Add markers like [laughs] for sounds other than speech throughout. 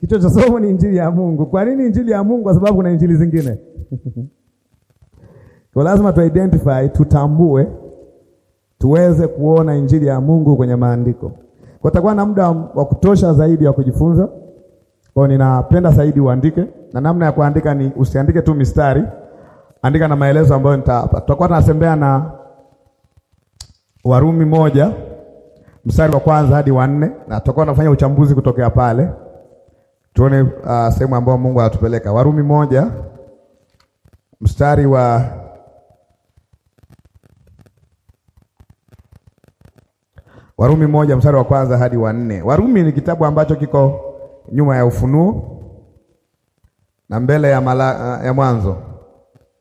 Kichwa cha somo ni injili ya Mungu. Kwa nini injili ya Mungu? Kwa sababu kuna injili zingine [laughs] kwa lazima tu identify, tutambue, tuweze kuona injili ya Mungu kwenye maandiko. takuwa na muda wa kutosha zaidi wa kujifunza. Kwa ninapenda zaidi uandike, na namna ya kuandika ni usiandike tu mistari, andika na maelezo ambayo nitawapa. Tutakuwa tunasembea na Warumi moja mstari wa kwanza hadi wa nne, na tutakuwa tunafanya uchambuzi kutokea pale. Tuone uh, sehemu ambayo Mungu anatupeleka. Warumi moja mstari wa Warumi moja mstari wa kwanza hadi wa nne. Warumi ni kitabu ambacho kiko nyuma ya Ufunuo na mbele ya, mala, uh, ya Mwanzo.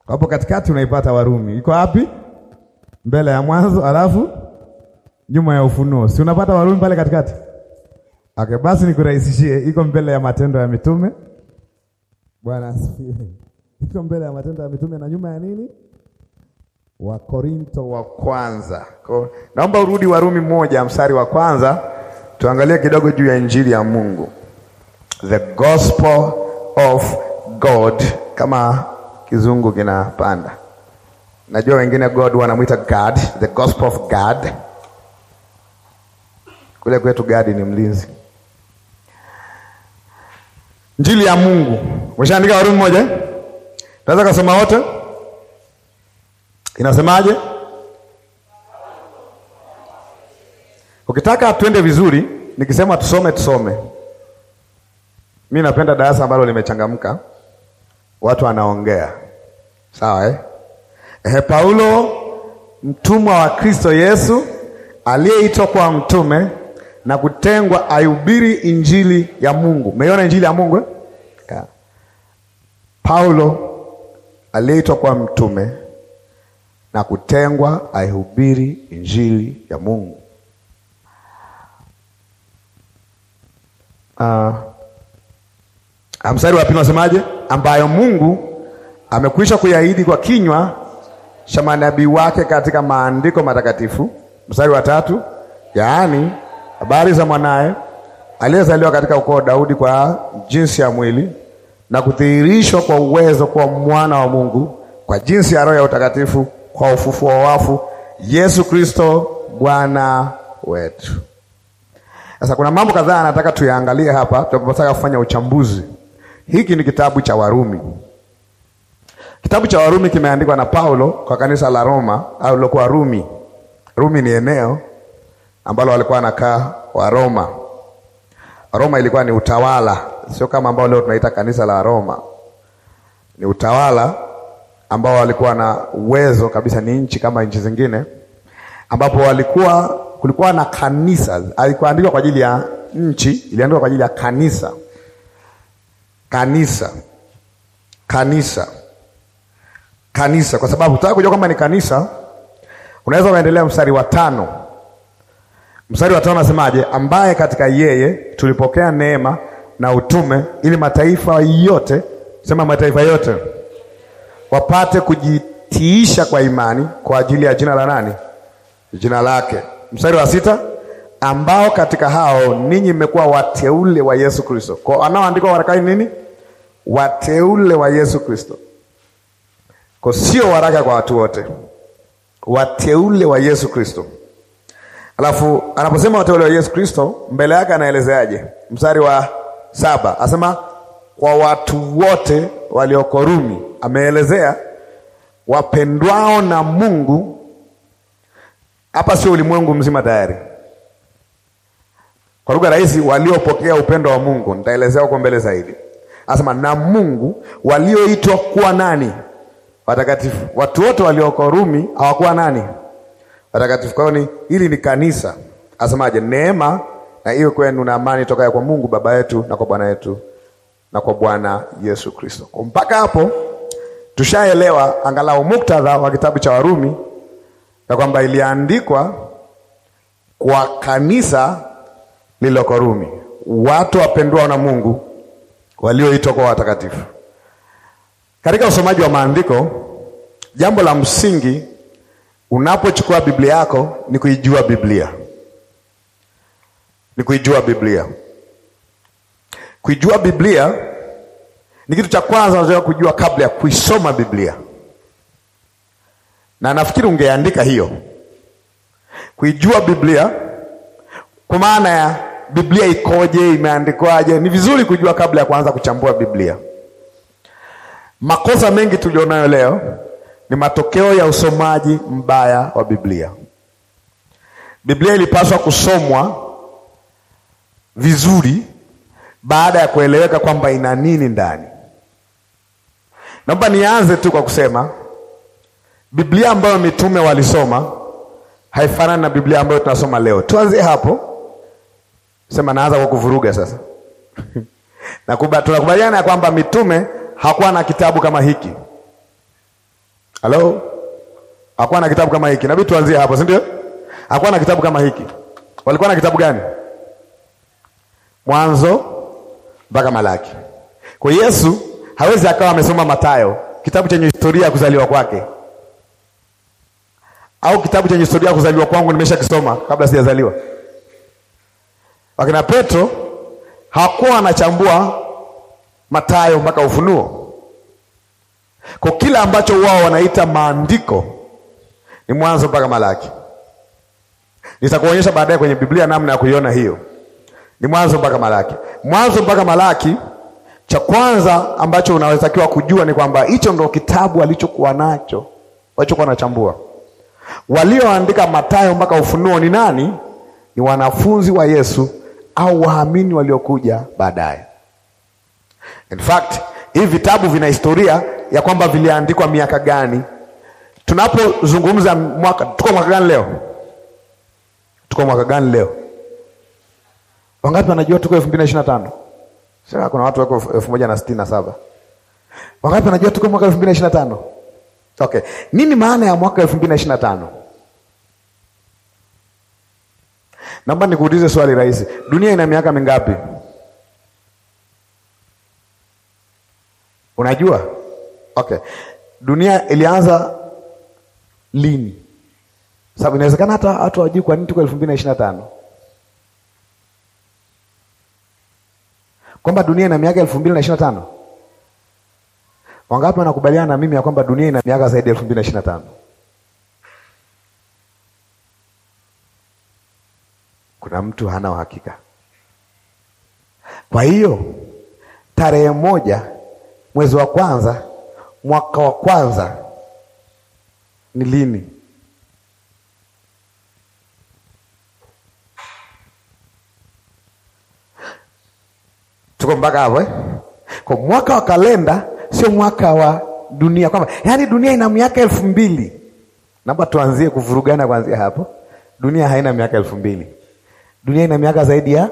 Hapo katikati unaipata Warumi iko wapi? Mbele ya Mwanzo alafu nyuma ya Ufunuo, si unapata Warumi pale katikati? Okay, basi nikurahisishie, iko mbele ya Matendo ya Mitume. Bwana asifiwe. Iko mbele ya Matendo ya Mitume na nyuma ya nini? Wa Korinto wa kwanza. Kwa, naomba urudi Warumi moja mstari wa kwanza tuangalie kidogo juu ya injili ya Mungu, the gospel of God kama kizungu kinapanda. Najua wengine God wanamwita God, the gospel of God. Kule kwetu God ni mlinzi njili ya Mungu. Umeshaandika Warumi moja eh? Naweza wote? Inasemaje? Ukitaka twende vizuri, nikisema tusome tusome. Mi napenda darasa ambalo limechangamka, watu wanaongea, sawa eh? Ehe, Paulo mtumwa wa Kristo Yesu aliyeitwa kwa mtume na kutengwa aihubiri injili ya Mungu. Umeiona injili ya Mungu eh? yeah. Paulo aliitwa kwa mtume na kutengwa aihubiri injili ya Mungu. Uh, mstari wa pili unasemaje? Ambayo Mungu amekwisha kuyaahidi kwa kinywa cha manabii wake katika maandiko matakatifu. Mstari wa tatu, yaani habari za mwanaye aliyezaliwa katika ukoo wa Daudi kwa jinsi ya mwili na kudhihirishwa kwa uwezo kwa mwana wa Mungu kwa jinsi ya Roho ya utakatifu kwa ufufuo wa wafu, Yesu Kristo Bwana wetu. Sasa kuna mambo kadhaa nataka tuyaangalie hapa tunapotaka kufanya uchambuzi. Hiki ni kitabu cha Warumi. Kitabu cha Warumi kimeandikwa na Paulo kwa kanisa la Roma au lokuwa Rumi. Rumi ni eneo ambalo walikuwa wanakaa Waroma. roma ilikuwa ni utawala, sio kama ambao leo tunaita kanisa la Roma. Ni utawala ambao walikuwa na uwezo kabisa, ni nchi kama nchi zingine, ambapo walikuwa kulikuwa na kanisa. Alikuandikwa kwa ajili ya nchi, iliandikwa kwa ajili ya kanisa, kanisa, kanisa, kanisa, kwa sababu unataka kujua kwamba ni kanisa, unaweza ukaendelea mstari wa tano Mstari wa tano anasemaje? Ambaye katika yeye tulipokea neema na utume, ili mataifa yote, sema mataifa yote, wapate kujitiisha kwa imani kwa ajili ya jina la nani? Jina lake. Mstari wa sita ambao katika hao ninyi mmekuwa wateule wa Yesu Kristo. Kwa anaoandikwa waraka nini? Wateule wa Yesu Kristo. Kwa sio waraka kwa watu wote, wateule wa Yesu Kristo. Alafu anaposema wateule wa Yesu Kristo, mbele yake anaelezeaje? Mstari wa saba asema kwa watu wote walioko Rumi. Ameelezea wapendwao na Mungu, hapa sio ulimwengu mzima tayari. Kwa lugha rahisi, waliopokea upendo wa Mungu. Nitaelezea huko mbele zaidi. Asema na Mungu walioitwa kuwa nani? Watakatifu. Watu wote walioko Rumi hawakuwa nani? watakatifu kwao ni hili ni kanisa. Asemaje? Neema na iwe kwenu na amani tokayo kwa Mungu Baba yetu na kwa Bwana yetu na kwa Bwana Yesu Kristo. Mpaka hapo tushaelewa angalau muktadha wa kitabu cha Warumi na kwamba iliandikwa kwa kanisa lililoko Rumi, watu wapendwa na Mungu walioitwa kwa watakatifu. Katika usomaji wa maandiko, jambo la msingi Unapochukua Biblia yako ni kuijua Biblia, ni kuijua Biblia. Kuijua Biblia ni kitu cha kwanza unachotaka kujua kabla ya kuisoma Biblia, na nafikiri ungeandika hiyo, kuijua Biblia kwa maana ya Biblia ikoje, imeandikwaje. Ni vizuri kujua kabla ya kuanza kuchambua Biblia. Makosa mengi tulionayo leo ni matokeo ya usomaji mbaya wa Biblia. Biblia ilipaswa kusomwa vizuri baada ya kueleweka kwamba ina nini ndani. Naomba nianze tu kwa kusema Biblia ambayo mitume walisoma haifanani na Biblia ambayo tunasoma leo. Tuanze hapo. Sema naanza kwa kuvuruga sasa. [laughs] Tunakubaliana ya kwamba mitume hakuwa na kitabu kama hiki. Hello? Hakuwa na kitabu kama hiki. Inabidi tuanzie hapo, si ndio? Hakuwa na kitabu kama hiki. Walikuwa na kitabu gani? Mwanzo mpaka Malaki. Kwa Yesu hawezi akawa amesoma Mathayo, kitabu chenye historia ya kuzaliwa kwake, au kitabu chenye historia ya kuzaliwa kwangu kisoma kabla sijazaliwa. Wakina Petro hakuwa anachambua Mathayo mpaka Ufunuo. Kwa kila ambacho wao wanaita maandiko ni Mwanzo mpaka Malaki. Nitakuonyesha baadaye kwenye Biblia namna ya kuiona hiyo. Ni Mwanzo mpaka Malaki. Mwanzo mpaka Malaki, cha kwanza ambacho unawezakiwa kujua ni kwamba hicho ndo kitabu alichokuwa nacho, walichokuwa wanachambua. Walioandika Mathayo mpaka Ufunuo ni nani? Ni wanafunzi wa Yesu au waamini waliokuja baadaye. In fact, hivi vitabu vina historia ya kwamba viliandikwa miaka gani. Tunapozungumza mwaka, tuko mwaka gani leo? Tuko mwaka gani leo? Wangapi wanajua tuko elfu mbili na ishirini na tano? Sasa kuna watu wako elfu moja na sitini na saba. Wangapi wanajua tuko mwaka elfu mbili na ishirini na tano? Okay, nini maana ya mwaka elfu mbili na ishirini na tano? Naomba nikuulize swali rahisi, dunia ina miaka mingapi? Unajua? Okay. Dunia ilianza lini? Sababu inawezekana hata watu hawajui kwa nini tuko elfu mbili na ishirini na tano kwamba dunia ina miaka elfu mbili na ishirini na tano Wangapi wanakubaliana na mimi ya kwamba dunia ina miaka zaidi ya elfu mbili na ishirini na tano Kuna mtu hana uhakika. Kwa hiyo tarehe moja mwezi wa kwanza mwaka wa kwanza ni lini? Tuko mpaka hapo eh? Kwa mwaka wa kalenda, sio mwaka wa dunia, kwamba yaani dunia ina miaka elfu mbili. Naomba tuanzie kuvurugana kuanzia hapo. Dunia haina miaka elfu mbili. Dunia ina miaka zaidi ya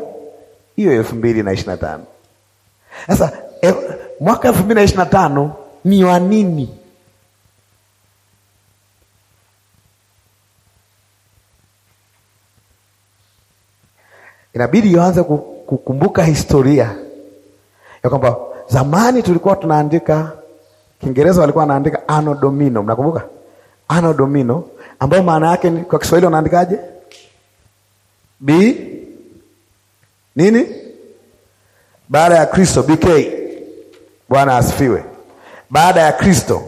hiyo elfu mbili na ishirini na tano. Sasa e, mwaka elfu mbili na ishirini na tano ni wa nini? Inabidi uanze kukumbuka historia ya kwamba zamani tulikuwa tunaandika Kiingereza walikuwa wanaandika ano Domino, mnakumbuka ano Domino, ambayo maana yake kwa Kiswahili wanaandikaje? B nini? Baada ya Kristo, BK Bwana asifiwe. Baada ya Kristo,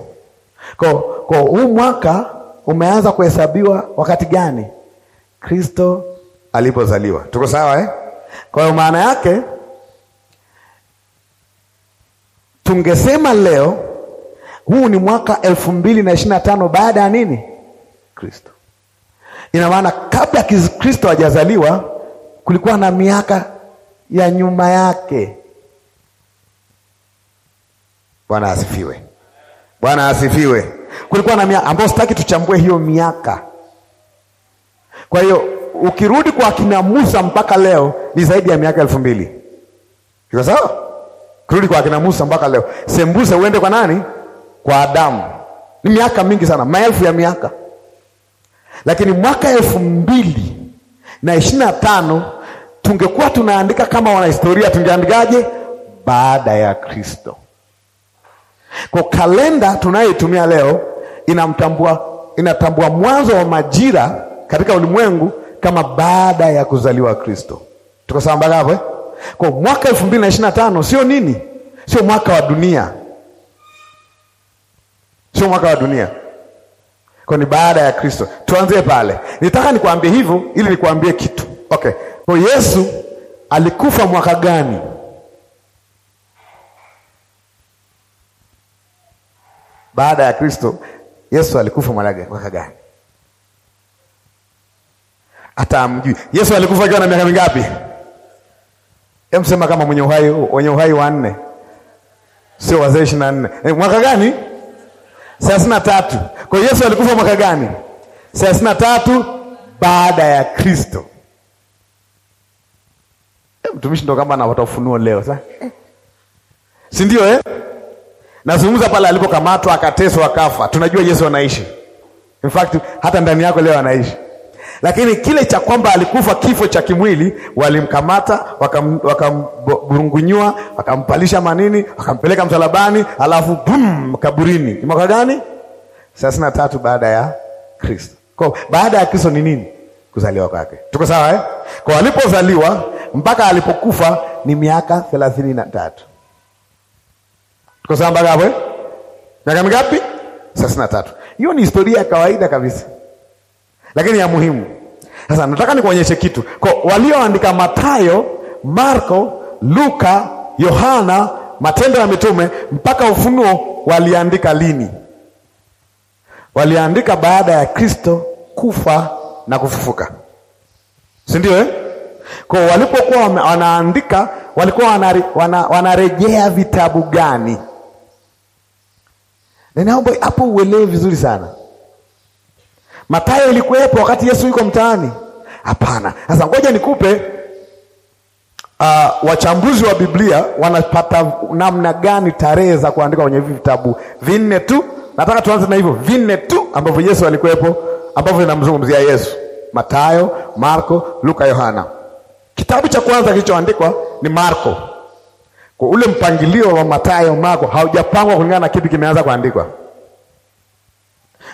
kwa kwa huu mwaka umeanza kuhesabiwa wakati gani? Kristo alipozaliwa. Tuko sawa eh? Kwa hiyo maana yake tungesema leo huu ni mwaka elfu mbili na ishirini na tano baada ya nini? Kristo. Ina maana kabla Kristo hajazaliwa kulikuwa na miaka ya nyuma yake Bwana asifiwe, Bwana asifiwe. Kulikuwa na miaka ambayo sitaki tuchambue hiyo miaka. Kwa hiyo ukirudi kwa akina Musa mpaka leo ni zaidi ya miaka elfu mbili. Iko sawa? Kirudi kwa akina Musa mpaka leo, sembuse uende kwa nani? Kwa Adamu, ni miaka mingi sana, maelfu ya miaka. Lakini mwaka elfu mbili na ishirini na tano tungekuwa tunaandika kama wanahistoria, tungeandikaje? Baada ya Kristo. Kwa kalenda tunayoitumia leo inamtambua, inatambua mwanzo wa majira katika ulimwengu kama baada ya kuzaliwa Kristo. Tuko sawa mpaka hapo eh? Kwa mwaka elfu mbili na ishirini na tano sio nini, sio mwaka wa dunia, sio mwaka wa dunia kwa ni baada ya Kristo. Tuanzie pale, nitaka nikuambie hivyo ili nikuambie kitu okay. Kwa Yesu alikufa mwaka gani? baada ya Kristo Yesu alikufa mwaka gani? Hata amjui Yesu alikufa akiwa na miaka mingapi? Emsema kama mwenye uhai wenye uhai wanne, sio wazee ishirini na nne. Eh, mwaka gani? thelathini na tatu. Kwa Yesu alikufa mwaka gani? thelathini na tatu baada ya Kristo. Mtumishi ndo kama anapata ufunuo leo sasa, si ndio eh? Nazungumza pale alipokamatwa akateswa akafa. Tunajua Yesu anaishi. In fact hata ndani yako leo anaishi. Lakini kile cha kwamba alikufa kifo cha kimwili, walimkamata wakamgurungunyua, wakam, wakampalisha manini, wakampeleka msalabani, alafu bum kaburini. Ni mwaka gani? thelathini na tatu baada ya Kristo. Kwa baada ya Kristo ni nini? Kuzaliwa kwake. Tuko sawa eh? Kwa alipozaliwa mpaka alipokufa ni miaka thelathini na tatu tukasema mpaka hapo eh? miaka mingapi? thelathini na tatu. Hiyo ni historia ya kawaida kabisa, lakini ya muhimu. Sasa nataka nikuonyeshe kitu kwa walioandika Mathayo, Marko, Luka, Yohana, Matendo ya Mitume mpaka Ufunuo waliandika lini? Waliandika baada ya Kristo kufa na kufufuka, si ndio eh? Kwa walipokuwa wanaandika walikuwa wanarejea wana, wana vitabu gani? Naomba hapo uelewe vizuri sana. Mathayo ilikuwepo wakati Yesu yuko mtaani? Hapana. Sasa ngoja nikupe uh, wachambuzi wa Biblia wanapata namna gani tarehe za kuandika kwenye hivi vitabu vinne tu. Nataka tuanze na hivyo vinne tu ambavyo Yesu alikuwepo, ambavyo inamzungumzia Yesu: Mathayo, Marko, Luka, Yohana. Kitabu cha kwanza kilichoandikwa ni Marko. Kwa ule mpangilio wa Mathayo, Marko haujapangwa kulingana na kipi kimeanza kuandikwa.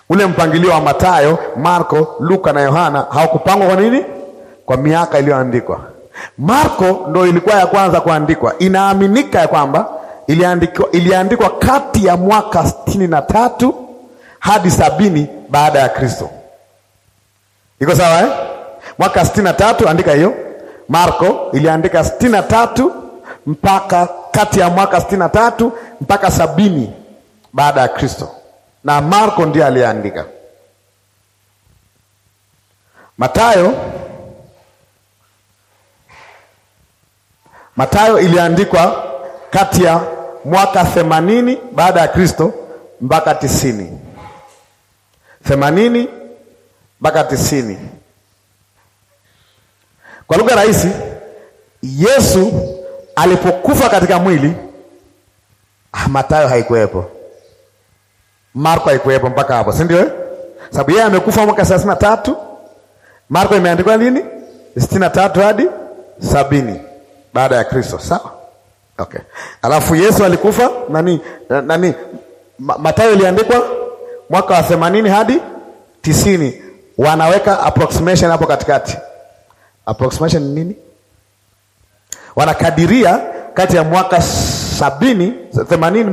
Ule mpangilio wa Mathayo, Marko, Luka na Yohana haukupangwa kwa nini? Kwa miaka iliyoandikwa. Marko ndo ilikuwa ya kwanza kuandikwa. Inaaminika ya kwamba iliandikwa, iliandikwa kati ya mwaka sitini na tatu hadi sabini baada ya Kristo. Iko sawa eh? Mwaka sitini na tatu andika hiyo. Marko iliandika sitini na tatu mpaka kati ya mwaka sitini na tatu mpaka sabini baada ya Kristo, na Marko ndiye aliyeandika. Matayo Matayo iliandikwa kati ya mwaka themanini baada ya Kristo mpaka tisini themanini mpaka tisini Kwa lugha rahisi, Yesu alipokufa katika mwili ah, Mathayo haikuwepo, Marko haikuwepo mpaka hapo, si ndio? Eh? Sababu yeye amekufa mwaka thelathini na tatu. Marko imeandikwa lini? sitini na tatu hadi sabini baada ya Kristo, sawa? Okay. Alafu Yesu alikufa nani nani, Mathayo iliandikwa mwaka wa themanini hadi tisini. Wanaweka approximation hapo katikati. Approximation ni nini? Wanakadiria kati ya mwaka sabini themanini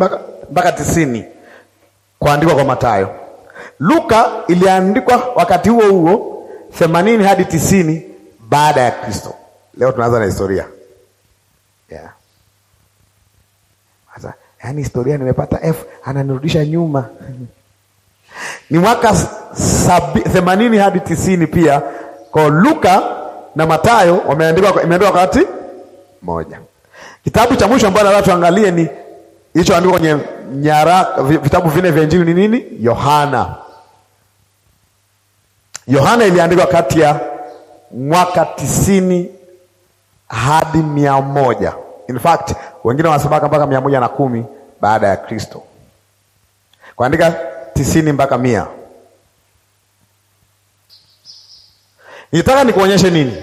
mpaka tisini kuandikwa kwa Mathayo. Luka iliandikwa wakati huo huo themanini hadi tisini baada ya Kristo. Leo tunaanza na historia yeah. yani historia nimepata F ananirudisha nyuma [laughs] ni mwaka themanini hadi tisini pia kwa Luka na Mathayo wameandikwa, imeandikwa wakati moja. Kitabu cha mwisho ambayo nataka tuangalie ni andiko kwenye nyara vitabu vine vya Injili ni nini? Yohana. Yohana iliandikwa kati ya mwaka tisini hadi mia moja. In fact wengine wanasema mpaka mia moja na kumi baada ya Kristo, kuandika tisini mpaka mia. Nitaka nikuonyeshe nini?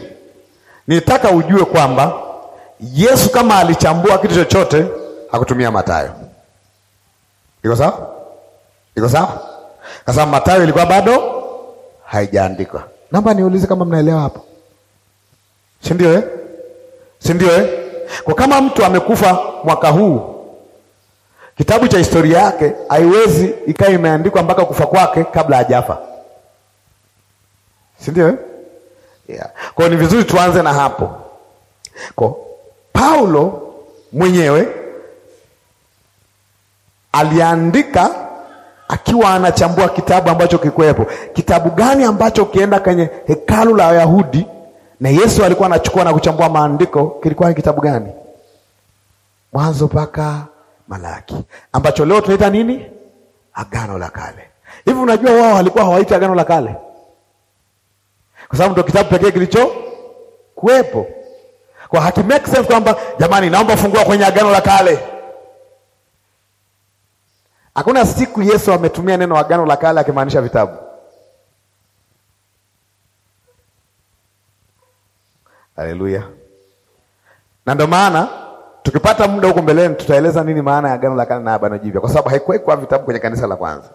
Nitaka ujue kwamba Yesu kama alichambua kitu chochote hakutumia Mathayo. Iko sawa? Iko sawa? Kwa sababu Mathayo ilikuwa bado haijaandikwa. Naomba niulize kama mnaelewa hapo, si ndio eh? si ndio eh? Kwa kama mtu amekufa mwaka huu, kitabu cha historia yake haiwezi ikawa imeandikwa mpaka kufa kwake kabla hajafa, si ndio eh? Yeah. Kwa ni vizuri tuanze na hapo. Kwa Paulo mwenyewe aliandika akiwa anachambua kitabu ambacho kikuwepo. Kitabu gani ambacho ukienda kwenye hekalu la Wayahudi na Yesu alikuwa anachukua na kuchambua maandiko, kilikuwa kitabu gani? Mwanzo mpaka Malaki, ambacho leo tunaita nini? Agano la Kale. Hivi unajua wao walikuwa hawaiti Agano la Kale kwa sababu ndio kitabu pekee kilicho kuwepo. Kwa haki make sense kwamba jamani, naomba fungua kwenye agano la kale. Hakuna siku Yesu ametumia neno agano la kale akimaanisha vitabu. Haleluya! Na ndio maana tukipata muda huko mbeleni tutaeleza nini maana ya agano la kale na agano jipya, kwa sababu haikuwekwa vitabu kwenye kanisa la kwanza,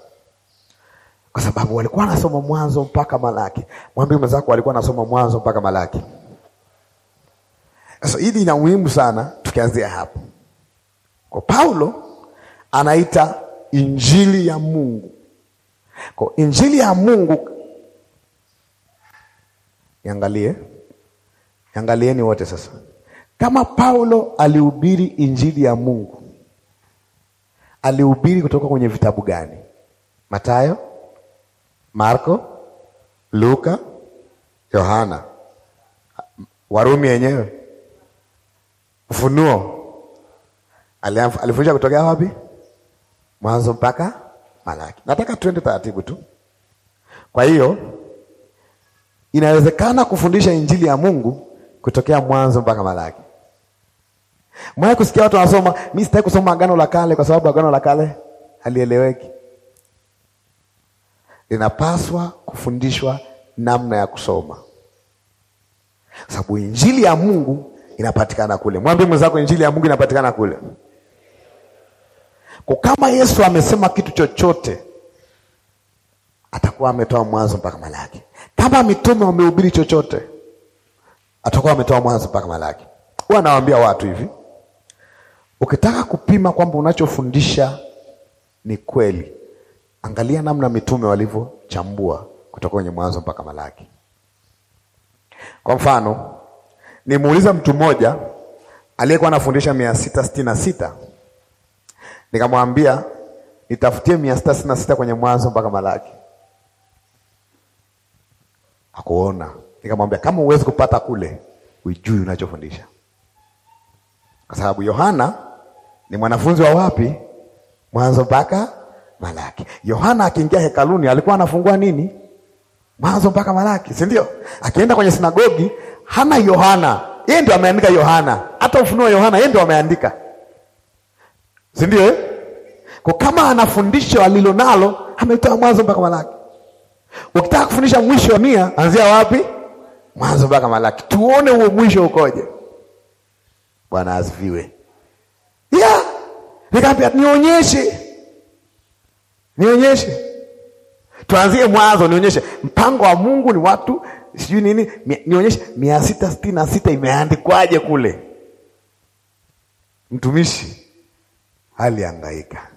kwa sababu walikuwa wanasoma Mwanzo mpaka Malaki. Mwambie mwenzako walikuwa wanasoma Mwanzo mpaka Malaki. Sasa hili ina muhimu sana, tukianzia hapo kwa Paulo anaita injili ya Mungu. Kwa injili ya Mungu, yangalie ni wote sasa, kama Paulo alihubiri injili ya Mungu, alihubiri kutoka kwenye vitabu gani? Matayo, Marko, Luka, Yohana, Warumi yenyewe Ufunuo alifundisha kutokea wapi? Mwanzo mpaka Malaki. Nataka tuende taratibu tu. Kwa hiyo inawezekana kufundisha injili ya Mungu kutokea Mwanzo mpaka Malaki. Mwae kusikia watu wanasoma, mimi sitaki kusoma Agano la Kale kwa sababu Agano la Kale halieleweki. Linapaswa kufundishwa namna ya kusoma, sababu injili ya Mungu inapatikana kule. Mwambie mwenzako injili ya Mungu inapatikana kule. Kwa kama Yesu amesema kitu chochote atakuwa ametoa mwanzo mpaka Malaki. Kama mitume wamehubiri chochote atakuwa ametoa mwanzo mpaka Malaki. Huwa nawaambia watu hivi, ukitaka kupima kwamba unachofundisha ni kweli, angalia namna mitume walivyochambua kutoka kwenye mwanzo mpaka Malaki. Kwa mfano Nimuuliza mtu mmoja aliyekuwa anafundisha mia sita sitini na sita nikamwambia nitafutie mia sita sitini na sita kwenye Mwanzo mpaka Malaki. akuona Nikamwambia kama huwezi kupata kule, ujui unachofundisha, kwa sababu Yohana ni mwanafunzi wa wapi? Mwanzo mpaka Malaki. Yohana akiingia hekaluni alikuwa anafungua nini? Mwanzo mpaka Malaki, si ndio? Akienda kwenye sinagogi hana Yohana, yeye ndio ameandika Yohana, hata ufunuo wa Yohana yeye ndio ameandika, si ndio? Eh? Kwa kama alilo alilonalo ametoa mwanzo mpaka Malaki. Ukitaka kufundisha mwisho wa mia, anzia wapi? Mwanzo mpaka Malaki, tuone huo mwisho ukoje. Bwana asifiwe. Yeah. Nikaambia nionyeshe, nionyeshe, tuanzie mwanzo, nionyeshe mpango wa Mungu ni watu sijui nini, nionyeshe mia sita sitini na sita imeandikwaje kule. Mtumishi aliangaika,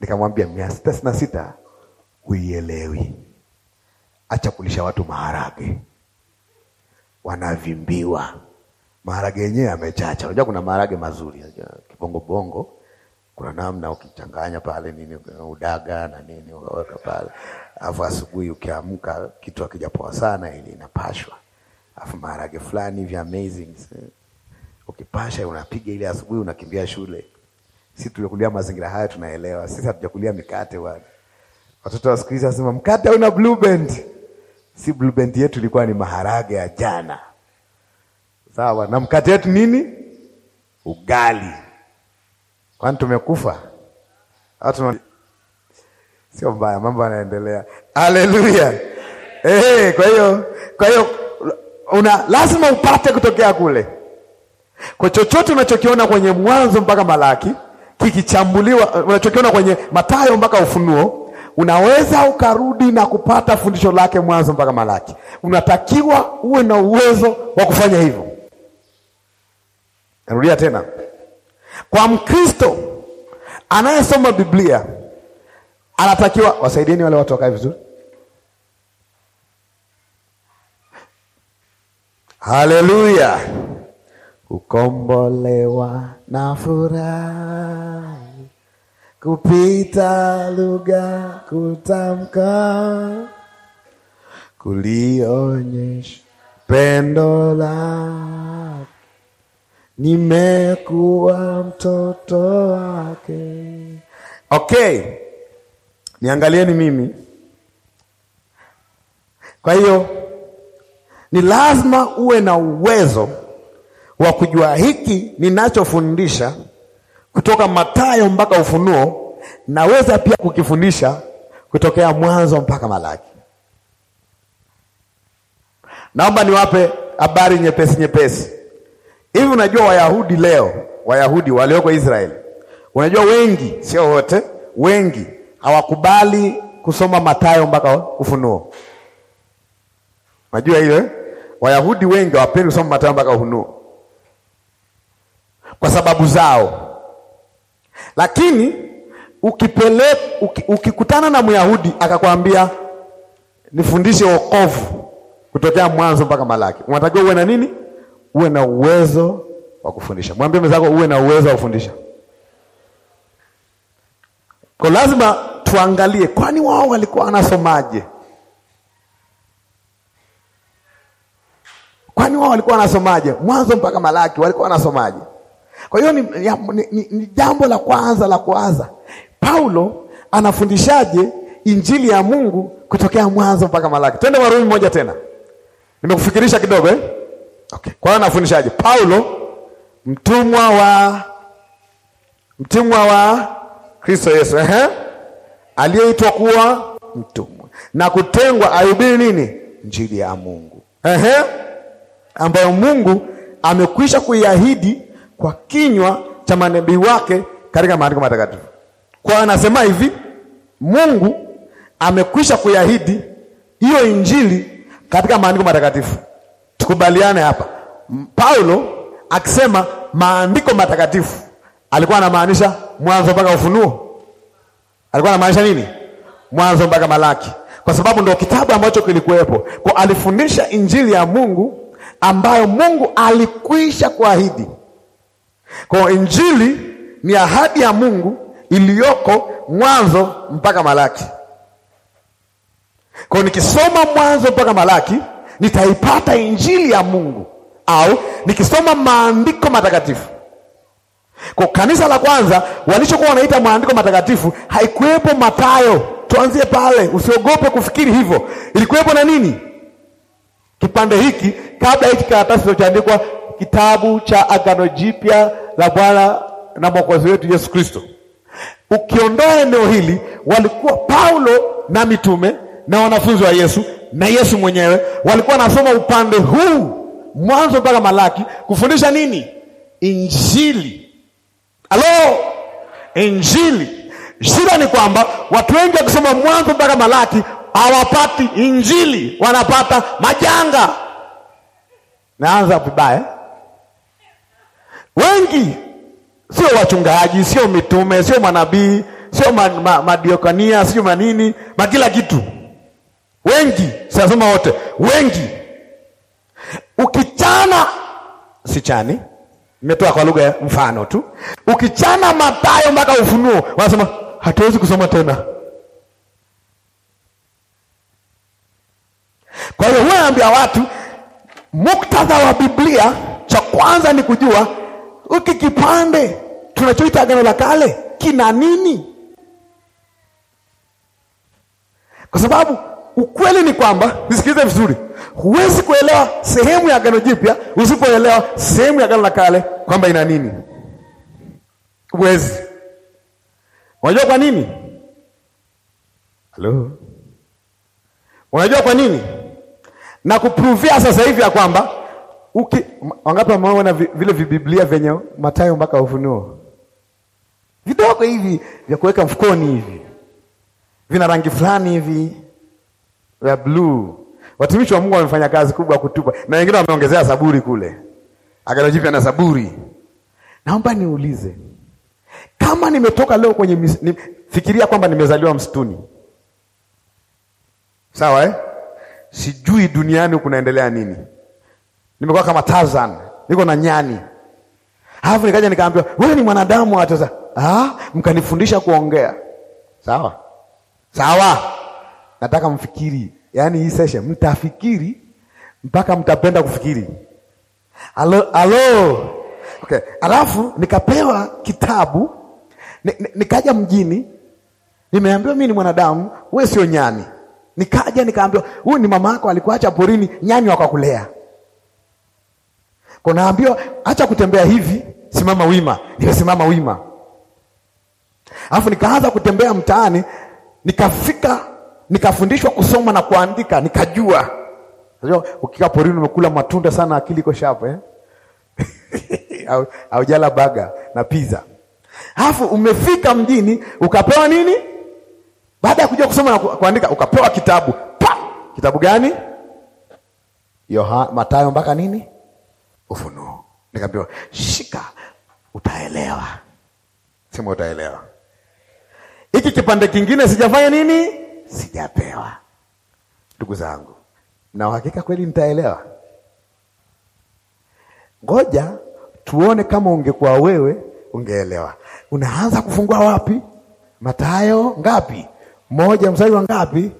nikamwambia mia sita sitini na sita huielewi, acha kulisha watu maharage, wanavimbiwa. Maharage yenyewe yamechacha. Unajua kuna maharage mazuri kibongobongo, kuna namna ukichanganya pale nini, udaga na nini ukaweka pale afu asubuhi ukiamka kitu akijapoa sana, ili inapashwa, afu maharage fulani hivi amazing, ukipasha unapiga ile asubuhi, unakimbia shule. Sisi tuliokulia mazingira haya tunaelewa. Sisi hatujakulia mikate bwana. Watoto wa siku hizi wasema mkate una blue band. Si blue band yetu ilikuwa ni maharage ya jana, sawa na mkate yetu nini? Ugali. Kwani tumekufa? Hata Sio mbaya, mambo yanaendelea. Haleluya! Eh, kwa hiyo kwa hiyo una lazima upate kutokea kule, kwa chochote unachokiona kwenye Mwanzo mpaka Malaki kikichambuliwa, unachokiona kwenye matayo mpaka Ufunuo, unaweza ukarudi na kupata fundisho lake Mwanzo mpaka Malaki. Unatakiwa uwe na uwezo wa kufanya hivyo. Narudia tena, kwa Mkristo anayesoma Biblia anatakiwa wasaidieni wale watu wakae vizuri. Haleluya, kukombolewa na furahi kupita lugha kutamka kulionyesha pendo la nimekuwa mtoto wake. Okay niangalieni mimi. Kwa hiyo ni lazima uwe na uwezo wa kujua hiki ninachofundisha kutoka Mathayo mpaka Ufunuo, naweza pia kukifundisha kutokea Mwanzo mpaka Malaki. Naomba niwape habari nyepesi nyepesi hivi. Unajua Wayahudi leo, Wayahudi walioko Israeli, unajua wengi, sio wote, wengi hawakubali kusoma Mathayo mpaka Ufunuo. Najua hiyo eh? Wayahudi wengi hawapendi kusoma Mathayo mpaka Ufunuo kwa sababu zao, lakini ukipele ukikutana na Myahudi akakwambia nifundishe wokovu kutokea Mwanzo mpaka Malaki, unatakiwa uwe na nini? Uwe na uwezo wa kufundisha. Mwambie mwenzako uwe na uwezo wa kufundisha, kwa lazima tuangalie, kwani wao walikuwa wanasomaje? Kwani wao walikuwa wanasomaje? Mwanzo mpaka Malaki walikuwa wanasomaje? Kwa hiyo ni, ni, ni, ni jambo la kwanza la kuanza. Paulo anafundishaje injili ya Mungu kutokea mwanzo mpaka Malaki? Twende Warumi moja tena, nimekufikirisha kidogo eh? Okay. Kwa hiyo anafundishaje Paulo mtumwa wa mtumwa wa Kristo Yesu, aliyeitwa kuwa mtumwa na kutengwa, ahubiri nini? Injili ya Mungu, ehe, ambayo Mungu amekwisha kuiahidi kwa kinywa cha manabii wake katika maandiko matakatifu. Kwa anasema hivi, Mungu amekwisha kuiahidi hiyo injili katika maandiko matakatifu. Tukubaliane hapa, Paulo akisema maandiko matakatifu alikuwa anamaanisha Mwanzo mpaka Ufunuo. Alikuwa anamaanisha nini? Mwanzo mpaka Malaki, kwa sababu ndio kitabu ambacho kilikuwepo. Kwa alifundisha injili ya Mungu ambayo Mungu alikwisha kuahidi. Kwa injili ni ahadi ya Mungu iliyoko Mwanzo mpaka Malaki. Kwa nikisoma Mwanzo mpaka Malaki nitaipata injili ya Mungu, au nikisoma maandiko matakatifu kwa kanisa la kwanza walichokuwa wanaita maandiko matakatifu, haikuwepo Mathayo. Tuanzie pale, usiogope kufikiri hivyo. Ilikuwepo na nini? Kipande hiki kabla hiki karatasi kilichoandikwa kitabu cha Agano Jipya la Bwana na Mwokozi wetu Yesu Kristo. Ukiondoa eneo hili, walikuwa Paulo na mitume na wanafunzi wa Yesu na Yesu mwenyewe walikuwa wanasoma upande huu mwanzo mpaka Malaki kufundisha nini? Injili Halo, injili. Shida ni kwamba watu wengi wakisoma Mwanzo mpaka Malaki hawapati injili, wanapata majanga. Naanza vibaya. Wengi sio wachungaji, sio mitume, sio manabii, sio madiokania, ma, ma sio manini, makila kitu. Wengi siasema wote, wengi ukichana sichani Nimetoa kwa lugha ya mfano tu. Ukichana Mathayo mpaka Ufunuo, wanasema hatuwezi kusoma tena. Kwa hiyo huwa naambia watu muktadha wa Biblia, cha kwanza ni kujua uki kipande tunachoita Agano la Kale kina nini, kwa sababu ukweli ni kwamba, nisikilize vizuri Huwezi kuelewa sehemu ya Agano Jipya usipoelewa sehemu ya Agano la Kale kwamba ina nini. Huwezi. Unajua kwa nini? Halo. Unajua kwa nini? Na kupruvia sasa hivi ya kwamba uki wangapi wameona vile vibiblia vyenye Mathayo mpaka Ufunuo vidogo hivi vya kuweka mfukoni hivi, vina rangi fulani hivi ya bluu Watumishi wa Mungu wamefanya kazi kubwa kutupa, na wengine wameongezea saburi kule, agano jipya na saburi. Naomba niulize, kama nimetoka leo kwenye mis... ni... fikiria kwamba nimezaliwa msituni, sawa eh? Sijui duniani kunaendelea nini, nimekuwa kama Tarzan, niko na nyani, alafu nikaja nikaambiwa, wewe ni mwanadamu, hata ah, mkanifundisha kuongea. Sawa sawa, nataka mfikiri yaani hii session mtafikiri mpaka mtapenda kufikiri. Alo, alo. Okay. Alafu nikapewa kitabu nikaja mjini, nimeambiwa mimi ni mwanadamu, we sio nyani. Nikaja nikaambiwa huyu ni mama yako alikuacha porini, nyani wakakulea. Kunaambiwa acha kutembea hivi, simama wima. Nimesimama wima, alafu nikaanza kutembea mtaani, nikafika nikafundishwa kusoma na kuandika, nikajua. Unajua ukikaa porini umekula matunda sana, akili iko shapo eh? [laughs] au, au jala baga na pizza, alafu umefika mjini ukapewa nini? Baada ya kujua kusoma na kuandika ukapewa kitabu pa, kitabu gani? Yohana, Mathayo mpaka nini? Ufunuo. Nikaambiwa shika, utaelewa. Sema utaelewa. Hiki kipande kingine sijafanya nini sijapewa. Ndugu zangu, na uhakika kweli nitaelewa? Ngoja tuone kama ungekuwa wewe ungeelewa. Unaanza kufungua wapi? Mathayo ngapi? Moja mstari wa ngapi?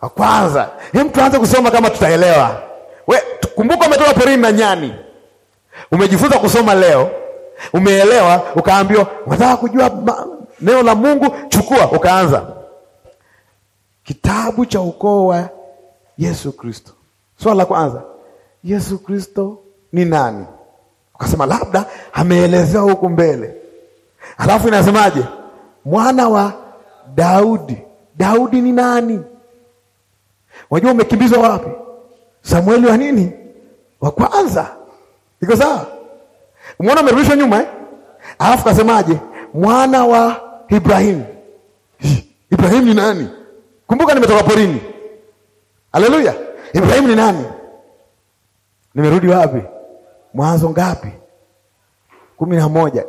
Wa kwanza. Hem, tuanze kusoma kama tutaelewa. We, kumbuka umetoka porini na nyani, umejifunza kusoma leo, umeelewa, ukaambiwa unataka kujua neno la Mungu, chukua, ukaanza kitabu cha ukoo wa Yesu Kristo. swala la kwanza, Yesu Kristo ni nani? Ukasema labda ameelezewa huku mbele, alafu inasemaje? Mwana wa Daudi. Daudi ni nani? Unajua umekimbizwa wapi? Samueli wa nini wa kwanza, iko sawa? Umeona umerudishwa nyuma eh? Alafu kasemaje? Mwana wa Ibrahimu. Ibrahimu ni nani? Kumbuka nimetoka porini. Haleluya. Ibrahimu ni nani? Nimerudi wapi? Mwanzo ngapi? kumi na moja.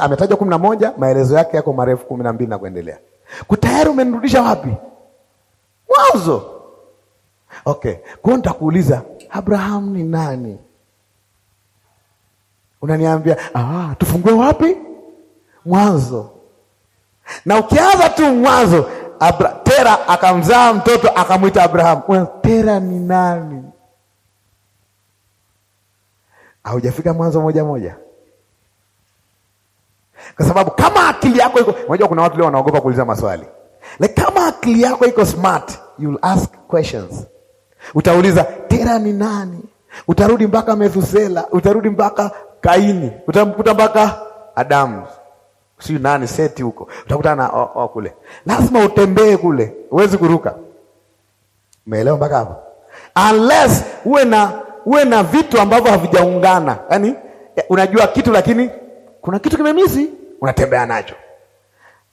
Ametajwa kumi na moja, maelezo yake yako marefu kumi na mbili na kuendelea. Kutayari umenirudisha wapi? Mwanzo. Okay, kwa nitakuuliza abraham ni nani? Unaniambia ah, tufungue wapi? Mwanzo. Na ukianza tu mwanzo Abra Tera akamzaa mtoto akamwita Abrahamu. Tera ni nani? Haujafika Mwanzo moja moja, kwa sababu kama akili yako iko unajua, kuna watu leo wanaogopa kuuliza maswali like, kama akili yako iko smart you'll ask questions. Utauliza Tera ni nani? Utarudi mpaka Methusela, utarudi mpaka Kaini, utamkuta mpaka Adamu si nani seti huko, utakutana na o, o, kule lazima utembee kule, huwezi kuruka. Umeelewa mpaka hapo? Unless uwe na uwe na vitu ambavyo havijaungana, yaani unajua kitu lakini kuna kitu kimemisi, unatembea nacho.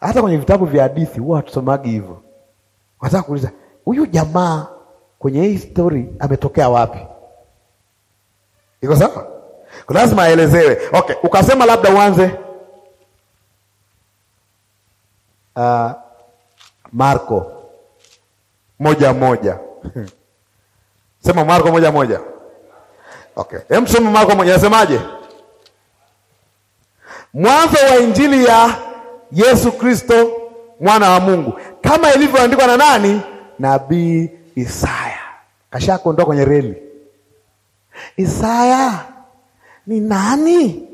Hata kwenye vitabu vya hadithi huwa hatusomagi hivyo, wanataka kuuliza huyu jamaa kwenye hii stori ametokea wapi? Iko sawa? Lazima aelezewe. Okay, ukasema labda uanze uh, ah, Marko moja moja [laughs] sema Marko moja moja. Okay, hem, sema Marko moja, nasemaje? Mwanzo wa injili ya Yesu Kristo mwana wa Mungu kama ilivyoandikwa na nani? Nabii Isaya. Kashakuondoa kwenye reli. Isaya ni nani?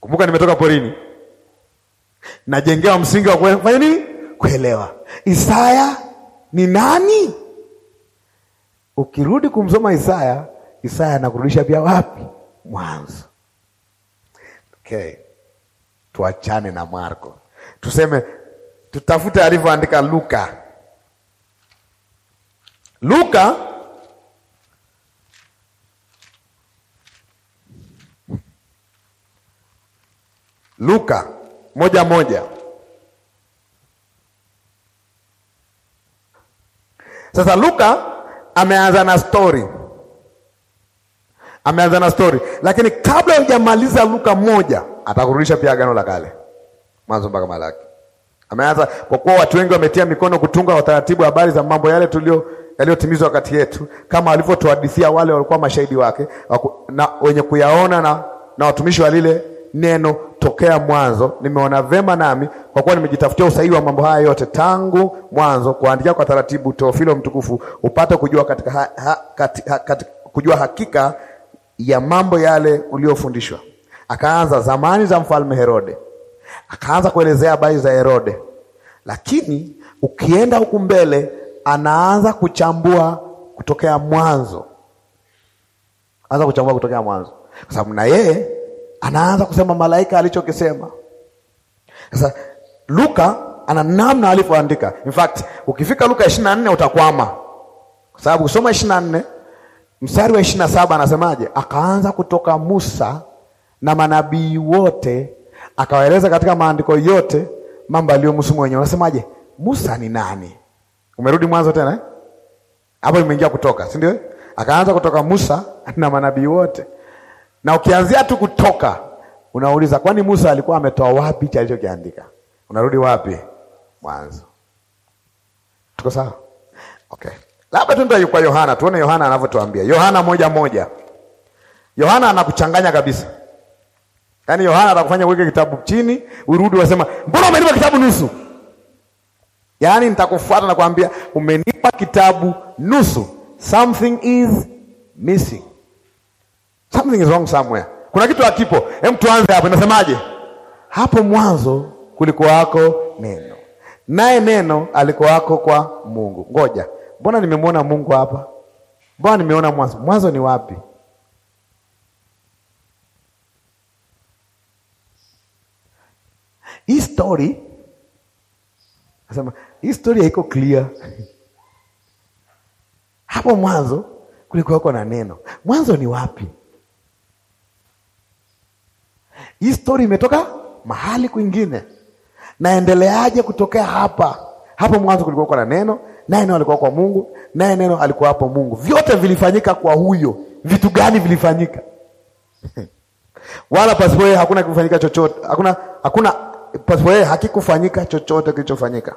Kumbuka nimetoka porini najengewa msingi wa kufanya nini? Kuelewa. Isaya ni nani? Ukirudi kumsoma Isaya, Isaya anakurudisha pia wapi? Mwanzo. Okay, tuachane na Marko, tuseme tutafute alivyoandika Luka. Luka Luka moja moja. Sasa Luka ameanza na stori, ameanza na stori, lakini kabla hujamaliza Luka moja, atakurudisha pia Agano la Kale, Mwanzo mpaka Malaki. Ameanza kwa kuwa watu wengi wametia mikono kutunga utaratibu habari za mambo yale tulio yaliyotimizwa kati yetu, kama walivyotuhadithia wale walikuwa mashahidi wake na wenye kuyaona na, na watumishi wa lile neno tokea mwanzo, nimeona vema nami kwa kuwa nimejitafutia usahihi wa mambo haya yote tangu mwanzo, kuandikia kwa taratibu Teofilo mtukufu, upate kujua, katika ha, ha, kat, ha, kat, kujua hakika ya mambo yale uliyofundishwa. Akaanza zamani za mfalme Herode, akaanza kuelezea habari za Herode, lakini ukienda huku mbele anaanza kuchambua kutokea mwanzo, anza kuchambua kutokea mwanzo, kwa sababu na yeye anaanza kusema malaika alichokisema. Sasa Luka ana namna alivyoandika. In fact, ukifika Luka 24 utakwama, kwa sababu kusoma 24 mstari wa 27 anasemaje? Akaanza kutoka Musa na manabii wote akawaeleza katika maandiko yote mambo aliyomhusu mwenyewe. Unasemaje? Musa ni nani? Umerudi mwanzo tena eh? hapo eh? Imeingia kutoka, si ndio? Akaanza kutoka Musa na manabii wote na ukianzia tu kutoka unauliza, kwani Musa alikuwa ametoa wapi cha alichokiandika? Unarudi wapi? Mwanzo. Tuko sawa? Okay, labda tuende kwa Yohana tuone Yohana anavyotuambia. Yohana moja moja, Yohana anakuchanganya kabisa. Yaani Yohana atakufanya uweke kitabu chini, urudi wasema, mbona umenipa kitabu nusu? Yaani nitakufuata na kuambia umenipa kitabu nusu, something is missing. Something is wrong somewhere. Kuna kitu hakipo. Hem, tuanze hapo. Inasemaje? Hapo mwanzo kulikuwako neno, naye neno alikuwako kwa Mungu. Ngoja, mbona nimemwona Mungu hapa? Mbona nimeona mwanzo? Mwanzo ni wapi? Hii story nasema, hii story haiko clear [laughs] hapo mwanzo kulikuwako na neno. Mwanzo ni wapi? Hii stori imetoka mahali kwingine, naendeleaje kutokea hapa? Hapo mwanzo kulikuwa kwa na neno, naye neno alikuwa kwa Mungu, naye neno alikuwa hapo Mungu. Vyote vilifanyika kwa huyo. Vitu gani vilifanyika? [laughs] wala pasipo yeye hakuna kufanyika chochote, hakuna hakuna pasipo yeye hakikufanyika chochote kilichofanyika.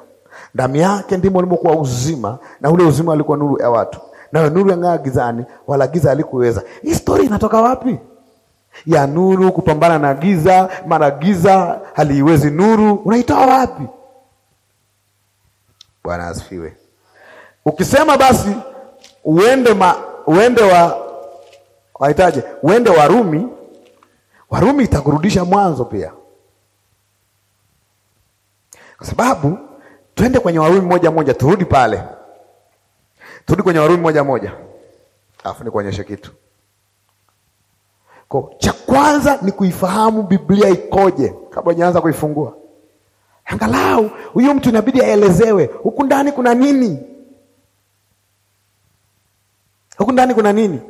Ndani yake ndimo ulimokuwa uzima, na ule uzima alikuwa nuru ya watu, nayo nuru yang'aa gizani, wala giza alikuweza. Hii stori inatoka wapi? ya nuru kupambana na giza, mara giza haliwezi nuru. Unaitoa wapi? Bwana asifiwe. Ukisema basi uende ma, uende wa wahitaje, uende Warumi, Warumi itakurudisha mwanzo pia, kwa sababu twende kwenye Warumi moja moja, turudi pale, turudi kwenye Warumi moja moja, alafu nikuonyeshe kitu. Kwa cha kwanza ni kuifahamu Biblia ikoje kabla hujaanza kuifungua. Angalau huyo mtu inabidi aelezewe huku ndani kuna nini, huku ndani kuna nini,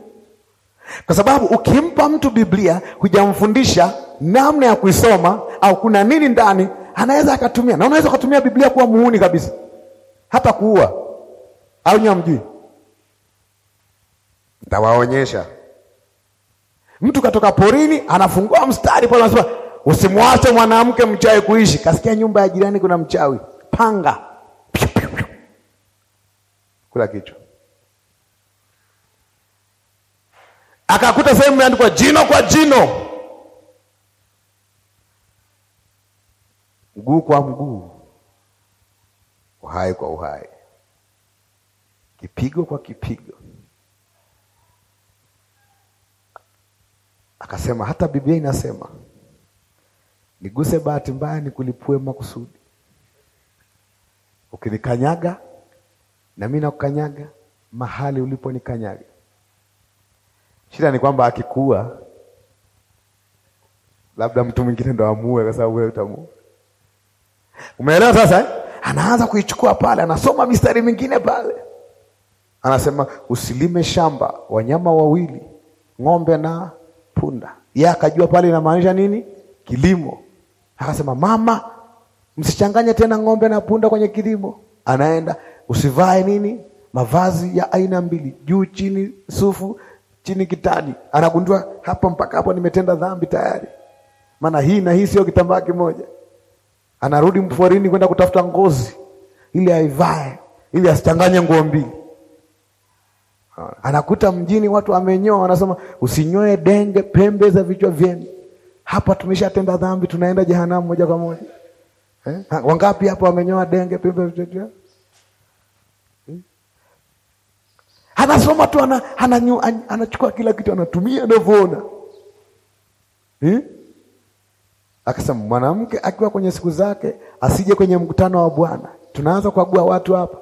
kwa sababu ukimpa mtu Biblia hujamfundisha namna ya kuisoma au kuna nini ndani, anaweza akatumia, na unaweza ukatumia Biblia kuwa muhuni kabisa, hata kuua au nyamjui, ntawaonyesha Mtu katoka porini anafungua mstari pale, anasema usimwache mwanamke mchawi kuishi. Kasikia nyumba ya jirani kuna mchawi, panga piu, piu, piu. Kula kichwa. Akakuta sehemu imeandikwa jino kwa jino, mguu kwa mguu, uhai kwa uhai, kipigo kwa kipigo. Akasema hata Biblia inasema niguse bahati mbaya nikulipue makusudi, ukinikanyaga na mimi nakukanyaga mahali uliponikanyaga. Shida ni kwamba akikua labda mtu mwingine ndo amue, kwa sababu wewe utamu. Umeelewa sasa eh? Anaanza kuichukua pale, anasoma mistari mingine pale, anasema usilime shamba, wanyama wawili, ng'ombe na punda. Yeye akajua pale inamaanisha nini? Kilimo. Akasema, mama, msichanganye tena ng'ombe na punda kwenye kilimo. Anaenda, usivae nini? Mavazi ya aina mbili, juu chini sufu, chini kitani. Anagundua hapa mpaka hapo nimetenda dhambi tayari, maana hii na hii sio kitambaa kimoja. Anarudi mforini kwenda kutafuta ngozi ili aivae, ili asichanganye nguo mbili. Anakuta mjini watu amenyoa, wanasema usinyoe denge pembe za vichwa vyenu. Hapa tumeshatenda dhambi, tunaenda jehanamu moja kwa moja eh? Ha, wangapi hapa wamenyoa denge pembe za vichwa hmm? Anasoma tu ana, anachukua kila kitu anatumia anavyoona eh? Akasema mwanamke akiwa kwenye siku zake asije kwenye mkutano wa Bwana. Tunaanza kuagua watu hapa,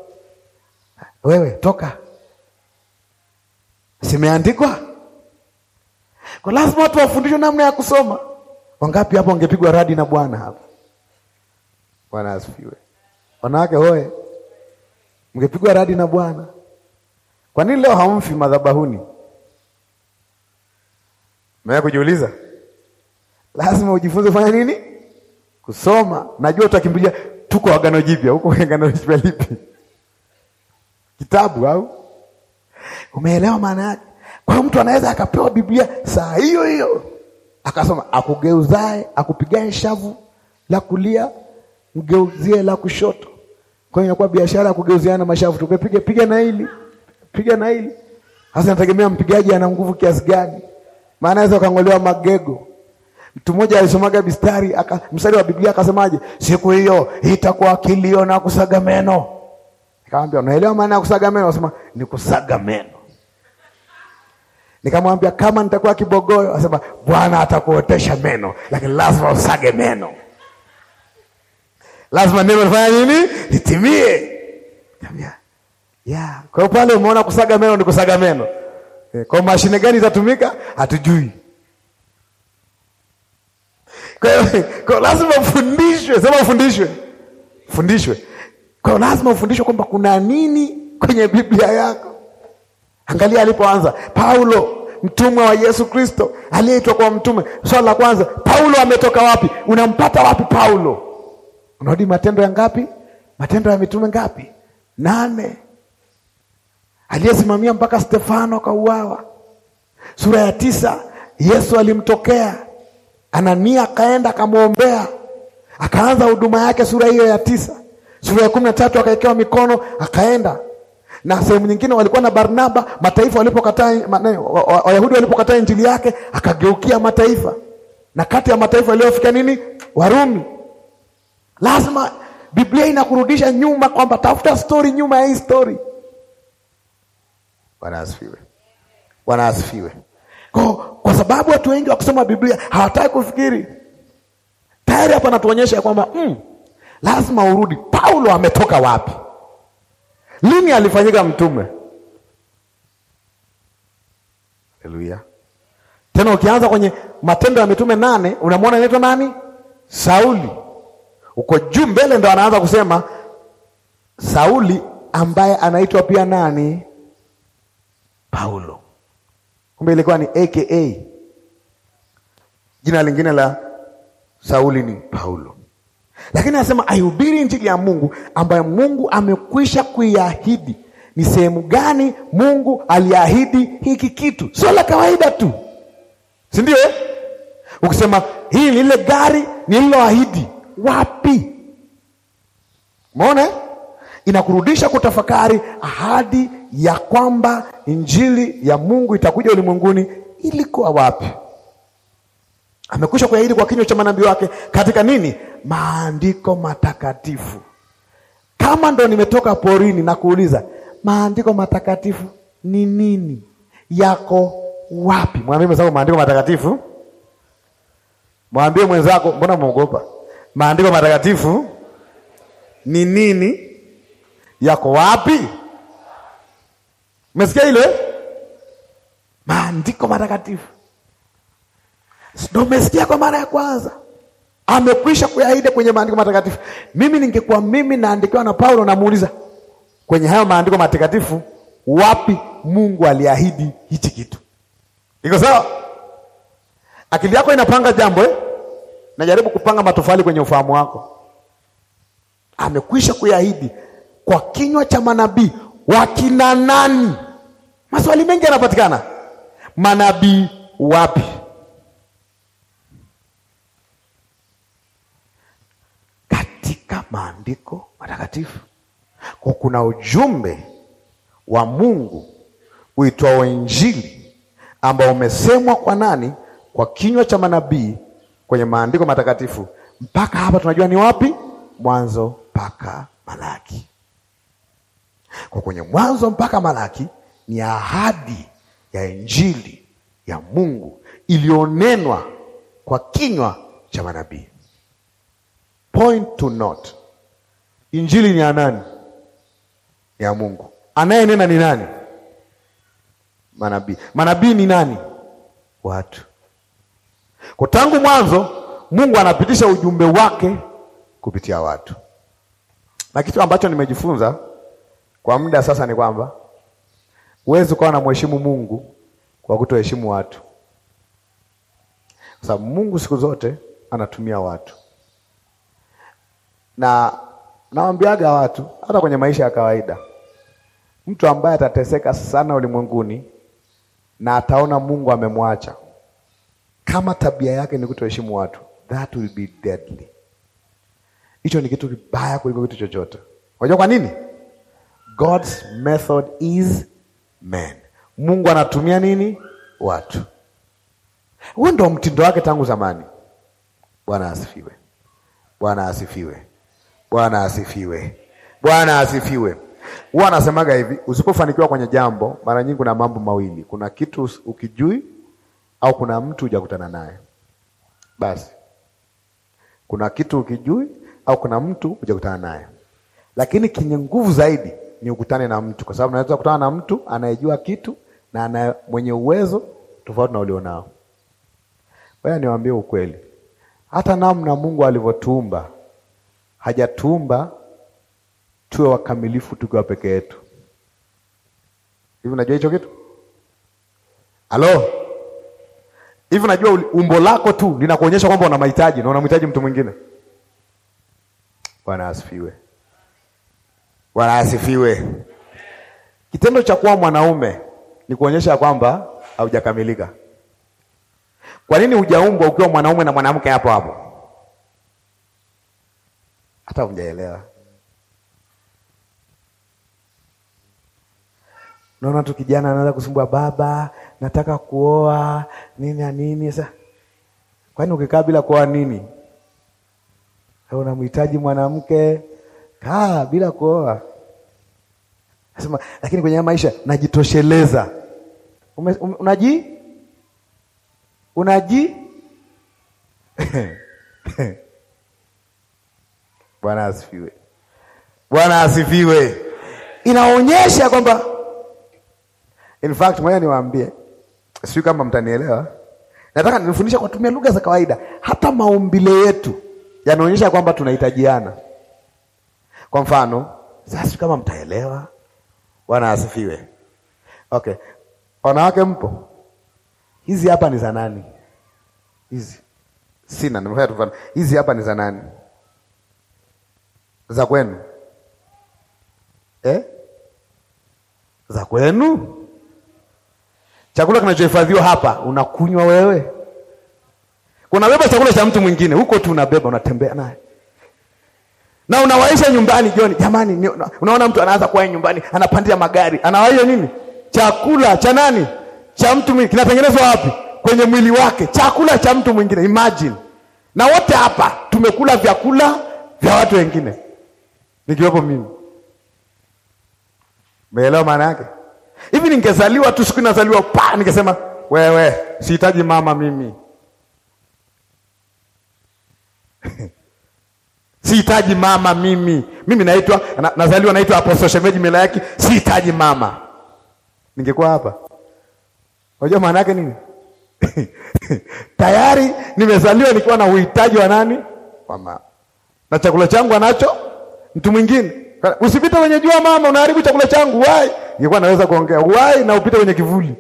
wewe toka zimeandikwa kwa, lazima watu wafundishwe namna ya kusoma. Wangapi hapo wangepigwa radi na Bwana hapa? Bwana asifiwe. Wanawake hoe, mngepigwa radi na Bwana. Kwa nini leo hamfi madhabahuni? Mwa kujiuliza, lazima ujifunze kufanya nini? Kusoma. Najua utakimbilia, tuko agano jipya huko. Agano jipya lipi? Kitabu au Umeelewa maana yake? Kwa mtu anaweza akapewa Biblia saa hiyo hiyo akasoma, akugeuzae akupigae shavu la kulia mgeuzie la kushoto. Kwa hiyo inakuwa biashara ya kugeuziana mashavu tu, piga piga na hili piga na hili. Sasa nategemea mpigaji ana nguvu kiasi gani, maana anaweza kangolewa magego. Mtu mmoja alisomaga bistari aka, mstari wa Biblia akasemaje? Siku hiyo itakuwa kilio na kusaga meno Nikamwambia unaelewa maana ya kusaga meno? Akasema ni kusaga meno. Nikamwambia kama nitakuwa kibogoyo, asema Bwana atakuotesha meno, lakini lazima usage meno, lazima neno lifanya nini litimie. Yeah. Kwa hiyo pale umeona kusaga meno ni kusaga meno. Eh, kwa mashine gani itatumika hatujui. Kwa hiyo [laughs] lazima ufundishwe, sema ufundishwe, fundishwe kwa hiyo lazima ufundishwe kwamba kuna nini kwenye Biblia yako. Angalia alipoanza Paulo, mtumwa wa Yesu Kristo, aliyeitwa kwa mtume. Swali la kwanza, Paulo ametoka wapi? Unampata wapi Paulo? Unarudi Matendo ya ngapi? Matendo ya Mitume ngapi? Nane. Aliyesimamia mpaka Stefano akauawa. Sura ya tisa, Yesu alimtokea Anania, akaenda akamwombea, akaanza huduma yake, sura hiyo ya tisa sura ya kumi na tatu akawekewa mikono akaenda na sehemu nyingine walikuwa na Barnaba, mataifa walipokataa, Wayahudi walipokataa injili yake, akageukia mataifa, na kati ya mataifa yaliyofika nini? Warumi. Lazima Biblia inakurudisha nyuma, kwamba tafuta stori nyuma ya hii stori. Bwana asifiwe, Bwana asifiwe. Kwa, kwa sababu watu wengi wakusoma Biblia hawataki kufikiri, tayari hapa anatuonyesha kwamba mm, lazima urudi. Paulo ametoka wapi? Lini alifanyika mtume? Haleluya! Tena ukianza kwenye Matendo ya Mitume nane unamwona inaitwa nani? Sauli. Uko juu mbele ndo anaanza kusema Sauli ambaye anaitwa pia nani? Paulo. Kumbe ilikuwa ni aka jina lingine la Sauli ni Paulo lakini anasema aihubiri injili ya Mungu ambayo Mungu amekwisha kuiahidi. Ni sehemu gani Mungu aliahidi hiki kitu? Sio la kawaida tu, si ndio? Eh? Ukisema hii ni ile gari nililoahidi, wapi? Umeona, eh? inakurudisha kutafakari ahadi ya kwamba injili ya Mungu itakuja ulimwenguni ilikuwa wapi? amekwisha kuyahidi kwa kinywa cha manabii wake katika nini? Maandiko matakatifu. Kama ndo nimetoka porini na kuuliza maandiko matakatifu ni nini, yako wapi? Mwambie mwenzako maandiko matakatifu, mwambie mwenzako, mbona mwogopa? Maandiko matakatifu ni nini, yako wapi? mesikia ile maandiko matakatifu ndio umesikia kwa mara ya kwanza. Amekwisha kuyaahidi kwenye maandiko matakatifu. Mimi ningekuwa mimi naandikiwa na Paulo, namuuliza kwenye hayo maandiko matakatifu, wapi Mungu aliahidi hichi kitu? Iko sawa? Akili yako inapanga jambo eh? Najaribu kupanga matofali kwenye ufahamu wako. Amekwisha kuyaahidi kwa kinywa cha manabii. Wakina nani? Maswali mengi yanapatikana. Manabii wapi? maandiko matakatifu, kwa kuna ujumbe wa Mungu uitwao Injili ambao umesemwa kwa nani? Kwa kinywa cha manabii kwenye maandiko matakatifu. Mpaka hapa tunajua ni wapi? Mwanzo mpaka Malaki. Kwa kwenye Mwanzo mpaka Malaki ni ahadi ya Injili ya Mungu iliyonenwa kwa kinywa cha manabii. Point to not. Injili ni ya nani? Ni ya Mungu. Anayenena ni nani? Manabii. Manabii ni nani? Watu. Kwa tangu mwanzo Mungu anapitisha ujumbe wake kupitia watu, na kitu ambacho nimejifunza kwa muda sasa ni kwamba huwezi ukawa na mheshimu Mungu kwa kutoheshimu watu, kwa sababu Mungu siku zote anatumia watu na naambiaga watu hata kwenye maisha ya kawaida, mtu ambaye atateseka sana ulimwenguni na ataona Mungu amemwacha, kama tabia yake ni kutoheshimu watu, that will be deadly. Hicho ni kitu kibaya kuliko kitu chochote. Unajua kwa nini? God's method is man. Mungu anatumia nini? Watu. Huo ndio mtindo wake tangu zamani. Bwana asifiwe. Bwana asifiwe. Bwana asifiwe, Bwana asifiwe. Huwa anasemaga hivi, usipofanikiwa kwenye jambo, mara nyingi kuna mambo mawili, kuna kitu ukijui au kuna mtu hujakutana naye. Basi kuna kitu ukijui au kuna mtu hujakutana naye, lakini kenye nguvu zaidi ni ukutane na mtu, kwa sababu unaweza kutana na mtu anayejua kitu na ana mwenye uwezo tofauti na ulionao. Wewe niwaambie ukweli, hata namna Mungu alivyotuumba hajatuumba tuwe wakamilifu tukiwa peke yetu. Hivi unajua hicho kitu? Halo, hivi unajua umbo lako tu linakuonyesha kwamba una mahitaji na unamhitaji mtu mwingine. Bwana asifiwe. Bwana asifiwe. Kitendo cha kuwa mwanaume ni kuonyesha kwamba haujakamilika. Kwa nini hujaumbwa ukiwa mwanaume na mwanamke hapo hapo? hata hujaelewa. Naona tu kijana anaanza kusumbua, baba, nataka kuoa nini na nini. Sasa kwani ukikaa bila kuoa nini? Unamhitaji mwanamke, kaa bila kuoa. Nasema lakini kwenye maisha najitosheleza. Ume, um, unaji unaji [laughs] Bwana asifiwe. Bwana asifiwe. Inaonyesha kwamba in fact, moja niwaambie, sijui kama mtanielewa. Nataka nifundisha kwa kutumia lugha za kawaida. Hata maumbile yetu yanaonyesha kwamba tunahitajiana. Kwa mfano, sasa kama mtaelewa. Bwana asifiwe. Okay, wanawake mpo, hizi hapa ni za nani? Hizi sina, nimefanya tu. Hizi hapa ni za nani? za kwenu eh? za kwenu. Chakula kinachohifadhiwa hapa unakunywa wewe, unabeba chakula cha mtu mwingine huko tu, unabeba unatembea naye na unawaisha nyumbani jioni. Jamani, unaona mtu anaanza kuwa nyumbani, anapandia magari, anawaisha nini? Chakula cha nani? Cha mtu mwingine. Kinatengenezwa wapi? Kwenye mwili wake, chakula cha mtu mwingine. Imagine, na wote hapa tumekula vyakula vya watu wengine nikiwepo mimi. Umeelewa maana yake? Hivi ningezaliwa tu siku nazaliwa pa, ningesema wewe, sihitaji mama mimi [laughs] sihitaji mama mimi, mimi naitwa na, nazaliwa naitwa Apostle Shemeji Melaiki, sihitaji mama. Ningekuwa hapa, unajua maana yake nini? [laughs] Tayari nimezaliwa nikiwa na uhitaji wa nani? Wa mama, na chakula changu anacho mtu mwingine. Usipite kwenye jua mama, unaharibu chakula changu. Wai ingekuwa naweza kuongea wai na upite kwenye kivuli,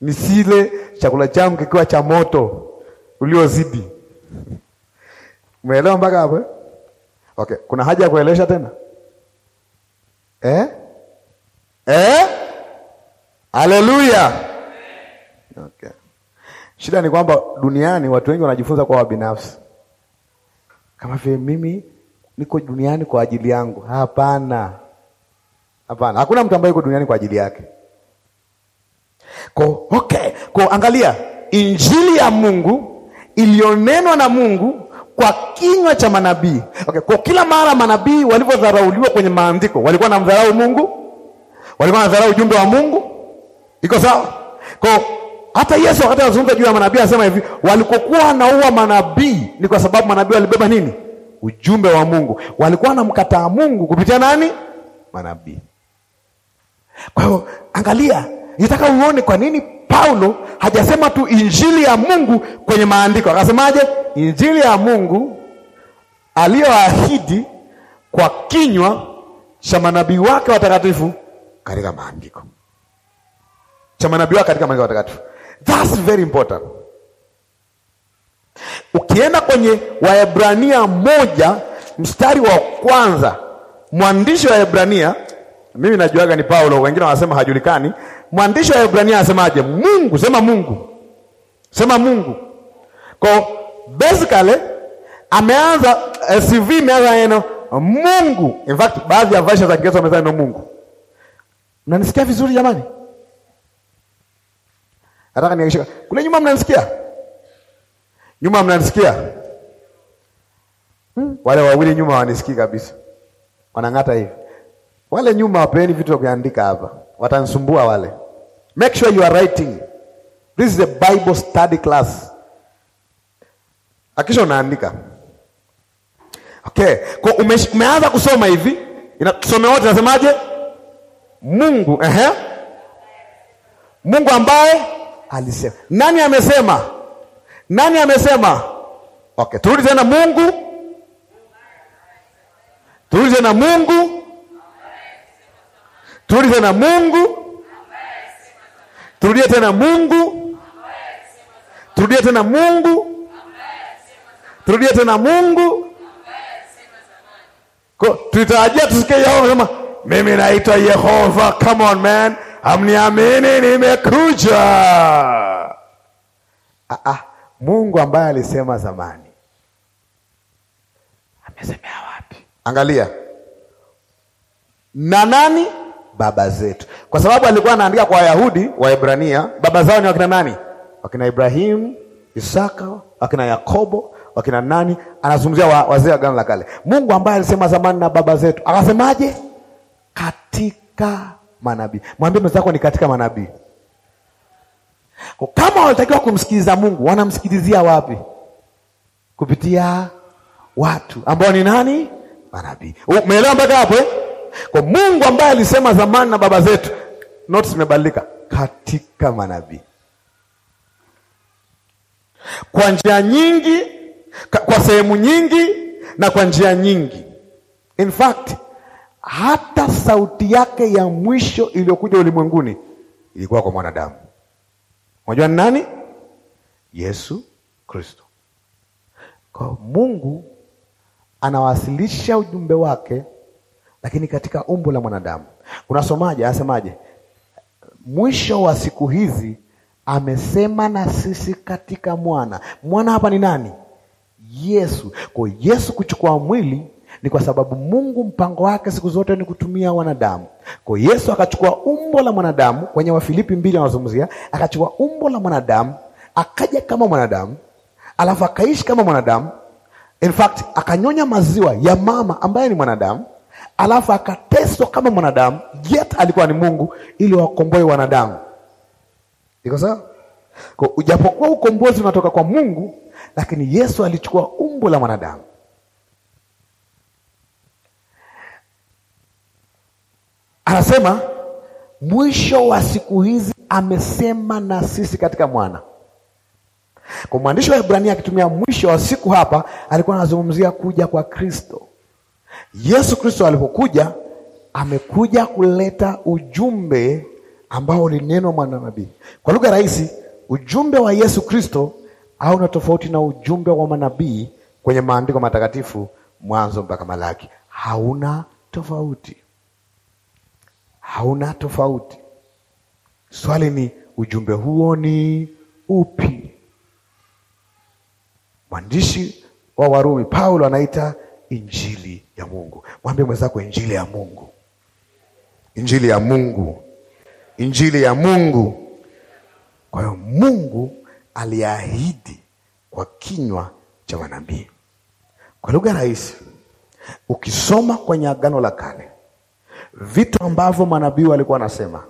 nisile chakula changu kikiwa cha moto uliozidi. Umeelewa mpaka hapo? Eh? Okay, kuna haja ya kuelesha tena eh? Eh? Haleluya. Okay. Shida ni kwamba duniani watu wengi wanajifunza kwa wabinafsi, kama vile mimi niko duniani kwa ajili yangu. Hapana, hapana, hakuna mtu ambaye yuko duniani kwa ajili yake. Ko, okay. Ko, angalia injili ya Mungu iliyonenwa na Mungu kwa kinywa cha manabii okay. Kwa kila mara manabii walivyodharauliwa kwenye maandiko, walikuwa na mdharau Mungu, walikuwa na wanadharau ujumbe wa Mungu. Iko sawa? Kwa hata Yesu wakati anazungumza juu ya manabii anasema hivi, walikokuwa wanaua manabii ni kwa sababu manabii walibeba nini? ujumbe wa Mungu. Walikuwa wanamkataa Mungu kupitia nani? Manabii. Kwa hiyo angalia, nitaka uone kwa nini Paulo hajasema tu injili ya Mungu kwenye maandiko, akasemaje? Injili ya Mungu aliyoahidi kwa kinywa cha manabii wake watakatifu katika maandiko, cha manabii wake katika maandiko watakatifu. That's very important. Ukienda kwenye Waebrania moja mstari wa kwanza, mwandishi wa hebrania mimi najuaga ni Paulo, wengine wanasema hajulikani. Mwandishi wa Waebrania anasemaje? Mungu, sema Mungu, sema Mungu. Kwa basically ameanza eh, CV imeanza neno Mungu. In fact, baadhi ya vasha za Kiingereza wameza neno Mungu. Mnanisikia vizuri jamani? Nataka niakishe kule nyuma, mnanisikia? Nyuma mnanisikia? Hmm? Wale wawili nyuma wanisikii kabisa. Wanang'ata hivi. Wale nyuma wapeni vitu vya kuandika hapa. watansumbua wale. Make sure you are writing. This is a Bible study class. akisha unaandika. Okay, kwa ume, umeanza kusoma hivi, tusome wote nasemaje? Mungu, ehe. Mungu ambaye alisema. Nani amesema? Nani amesema? Okay, turudi tena Mungu, turudi tena Mungu, turudi tena Mungu, turudie tena Mungu, turudie tena Mungu, turudie tena Mungu. Tuitarajia tusikie Yehova sema mimi naitwa Yehova. Come on man, amniamini nimekuja. Ah, ah. Mungu ambaye alisema zamani amesemea wapi? Angalia na nani baba zetu, kwa sababu alikuwa anaandika kwa Wayahudi, Waebrania. Baba zao ni wakina nani? Wakina Ibrahimu, Isaka, wakina Yakobo, wakina nani? Anazungumzia wazee wa Agano la Kale. Mungu ambaye alisema zamani na baba zetu, akasemaje? Katika manabii. Mwambie mwenzako ni katika manabii. Kwa kama wanatakiwa kumsikiliza Mungu, wanamsikilizia wapi? Kupitia watu ambao ni nani? Manabii. Umeelewa mpaka hapo eh? Kwa Mungu ambaye alisema zamani na baba zetu, notes zimebadilika katika manabii kwa njia nyingi, kwa sehemu nyingi na kwa njia nyingi. In fact hata sauti yake ya mwisho iliyokuja ulimwenguni ilikuwa kwa mwanadamu. Unajua ni nani? Yesu Kristo. Kwa Mungu anawasilisha ujumbe wake, lakini katika umbo la mwanadamu. Unasomaje? Anasemaje? Mwisho wa siku hizi amesema na sisi katika mwana. Mwana hapa ni nani? Yesu. Kwa Yesu kuchukua mwili ni kwa sababu Mungu mpango wake siku zote ni kutumia wanadamu. Kwa Yesu akachukua umbo la mwanadamu, kwenye Wafilipi mbili anazungumzia, akachukua umbo la mwanadamu, akaja kama mwanadamu, alafu akaishi kama mwanadamu. In fact, akanyonya maziwa ya mama ambaye ni mwanadamu, alafu akateswa kama mwanadamu, yet alikuwa ni Mungu ili wakomboe wanadamu. Iko sawa? Kwa ujapokuwa ukombozi unatoka kwa Mungu, lakini Yesu alichukua umbo la mwanadamu. anasema mwisho wa siku hizi amesema na sisi katika mwana. Kwa mwandishi wa Ibrania akitumia mwisho wa siku hapa, alikuwa anazungumzia kuja kwa Kristo. Yesu Kristo alipokuja, amekuja kuleta ujumbe ambao ulinenwa mwana nabii. Kwa lugha rahisi, ujumbe wa Yesu Kristo hauna tofauti na ujumbe wa manabii kwenye maandiko matakatifu, Mwanzo mpaka Malaki, hauna tofauti hauna tofauti. Swali ni ujumbe huo ni upi? Mwandishi wa Warumi Paulo anaita injili ya Mungu. Mwambie mwenzako injili ya Mungu, injili ya Mungu, injili ya Mungu. Kwa hiyo Mungu aliahidi kwa kinywa cha manabii. Kwa lugha rahisi, ukisoma kwenye Agano la Kale vitu ambavyo manabii walikuwa wanasema.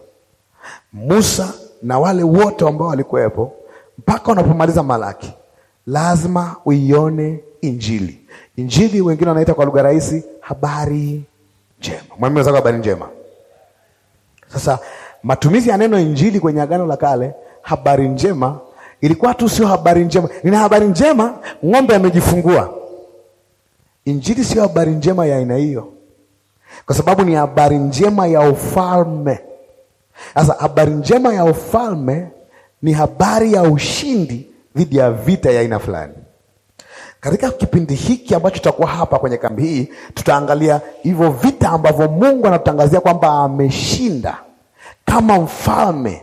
Musa na wale wote ambao walikuwepo mpaka unapomaliza Malaki, lazima uione Injili. Injili wengine wanaita kwa lugha rahisi habari njema. Mwambie wenzako habari njema. Sasa matumizi ya neno injili kwenye Agano la Kale, habari njema ilikuwa tu sio habari njema. Nina habari njema, ng'ombe amejifungua. Injili sio habari njema ya aina hiyo kwa sababu ni habari njema ya ufalme. Sasa habari njema ya ufalme ni habari ya ushindi dhidi ya vita ya aina fulani. Katika kipindi hiki ambacho tutakuwa hapa kwenye kambi hii, tutaangalia hivyo vita ambavyo Mungu anatutangazia kwamba ameshinda kama mfalme,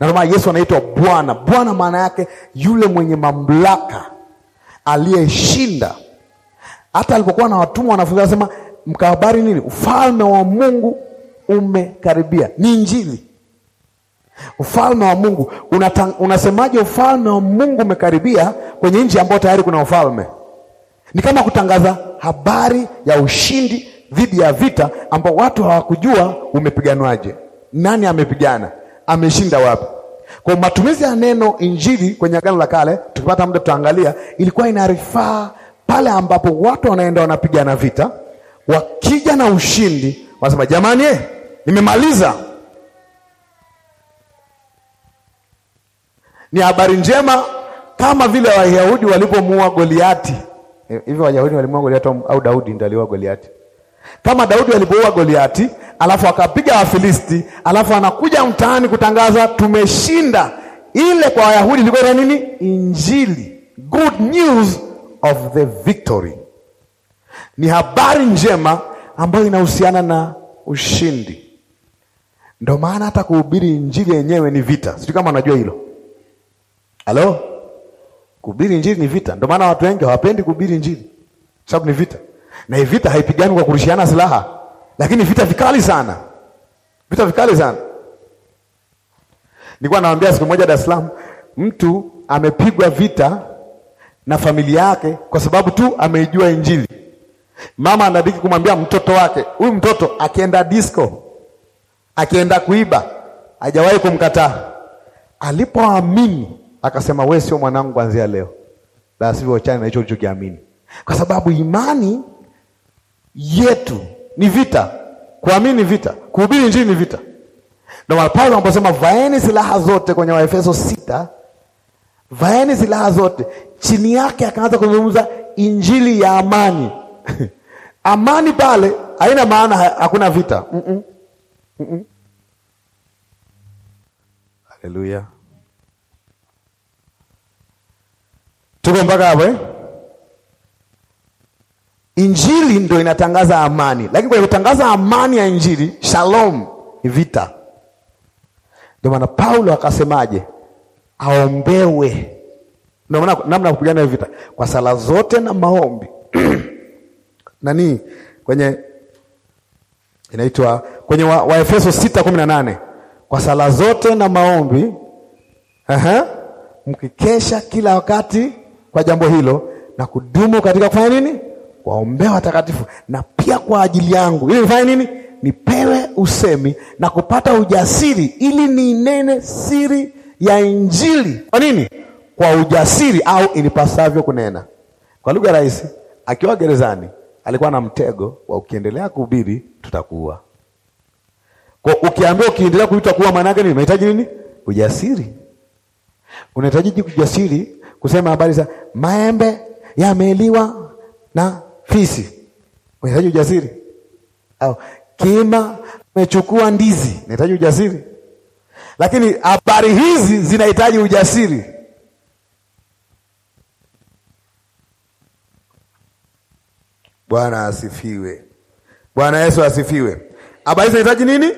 na ndio maana Yesu anaitwa Bwana. Bwana maana yake yule mwenye mamlaka, aliyeshinda. Hata alipokuwa na watumwa, wanafunzi wanasema mkahabari nini? Ufalme wa Mungu umekaribia. Ni Injili. Ufalme wa Mungu unasemaje? Ufalme wa Mungu umekaribia kwenye nchi ambayo tayari kuna ufalme. Ni kama kutangaza habari ya ushindi dhidi ya vita ambao watu hawakujua umepiganwaje, nani amepigana, ameshinda wapi. Kwa matumizi ya neno injili kwenye Agano la Kale, tukipata muda tutaangalia, ilikuwa inarifaa pale ambapo watu wanaenda wanapigana vita wakija na ushindi wanasema jamani, eh, nimemaliza. Ni habari njema kama vile Wayahudi walipomuua Goliati. Eh, hivi Wayahudi walimuua Goliati au Daudi ndiye aliua Goliati? Kama Daudi alipoua Goliati alafu akapiga Wafilisti alafu anakuja mtaani kutangaza tumeshinda, ile kwa Wayahudi ilikuwa nini? Injili, good news of the victory ni habari njema ambayo inahusiana na ushindi. Ndo maana hata kuhubiri injili yenyewe ni vita. Sijui kama unajua hilo. Halo, kuhubiri injili ni vita. Ndo maana watu wengi hawapendi kuhubiri injili, sababu ni vita, na vita haipigani kwa kurushiana silaha, lakini vita vikali sana, vita vikali sana. Nilikuwa nawaambia siku moja Dar es Salaam, mtu amepigwa vita na familia yake kwa sababu tu ameijua injili. Mama anadiki kumwambia mtoto wake, huyu mtoto akienda disco, akienda kuiba, hajawahi kumkataa. Alipoamini akasema, wewe sio mwanangu kuanzia leo, lazima uachane na hicho ulichokiamini, kwa sababu imani yetu ni vita. Kuamini ni vita, kuhubiri Injili ni vita. Ndio maana Paulo anaposema vaeni silaha zote kwenye Waefeso sita, vaeni silaha zote, chini yake akaanza kuzungumza injili ya amani [laughs] amani pale haina maana hakuna vita. mm -mm. Mm -mm. Haleluya, tuko mpaka hapo eh? Injili ndio inatangaza amani, lakini kwa kutangaza amani ya injili, shalom ni vita. Ndio maana Paulo akasemaje, aombewe. Ndio maana namna kupigana vita kwa sala zote na maombi [clears throat] nani kwenye inaitwa kwenye Waefeso wa sita kumi na nane kwa sala zote na maombi aha, mkikesha kila wakati kwa jambo hilo na kudumu katika kufanya nini, waombea watakatifu na pia kwa ajili yangu, ili nifanye nini, nipewe usemi na kupata ujasiri, ili ninene siri ya Injili. Kwa nini? Kwa ujasiri au inipasavyo kunena kwa lugha rahisi, akiwa gerezani alikuwa na mtego wa ukiendelea kuhubiri tutakuwa Kwa ukiambiwa ukiendelea kuitwa kuwa, maana yake nini? Unahitaji nini? Ujasiri. Unahitaji kujasiri kusema habari za maembe yameliwa na fisi. Unahitaji ujasiri. Au kima mechukua ndizi. Unahitaji ujasiri. Lakini habari hizi zinahitaji ujasiri. Bwana asifiwe. Bwana Yesu asifiwe. Habari zinahitaji nini?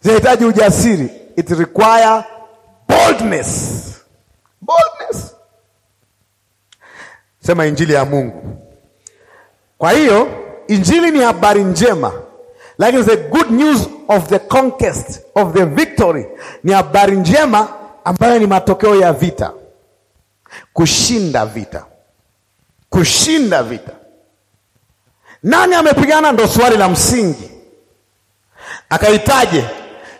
Zinahitaji ujasiri. It require boldness. Boldness. Sema injili ya Mungu. Kwa hiyo injili ni habari njema, lakini the good news of the conquest of the victory ni habari njema ambayo ni matokeo ya vita, kushinda vita, kushinda vita. Nani amepigana? Ndo swali la msingi. Akaitaje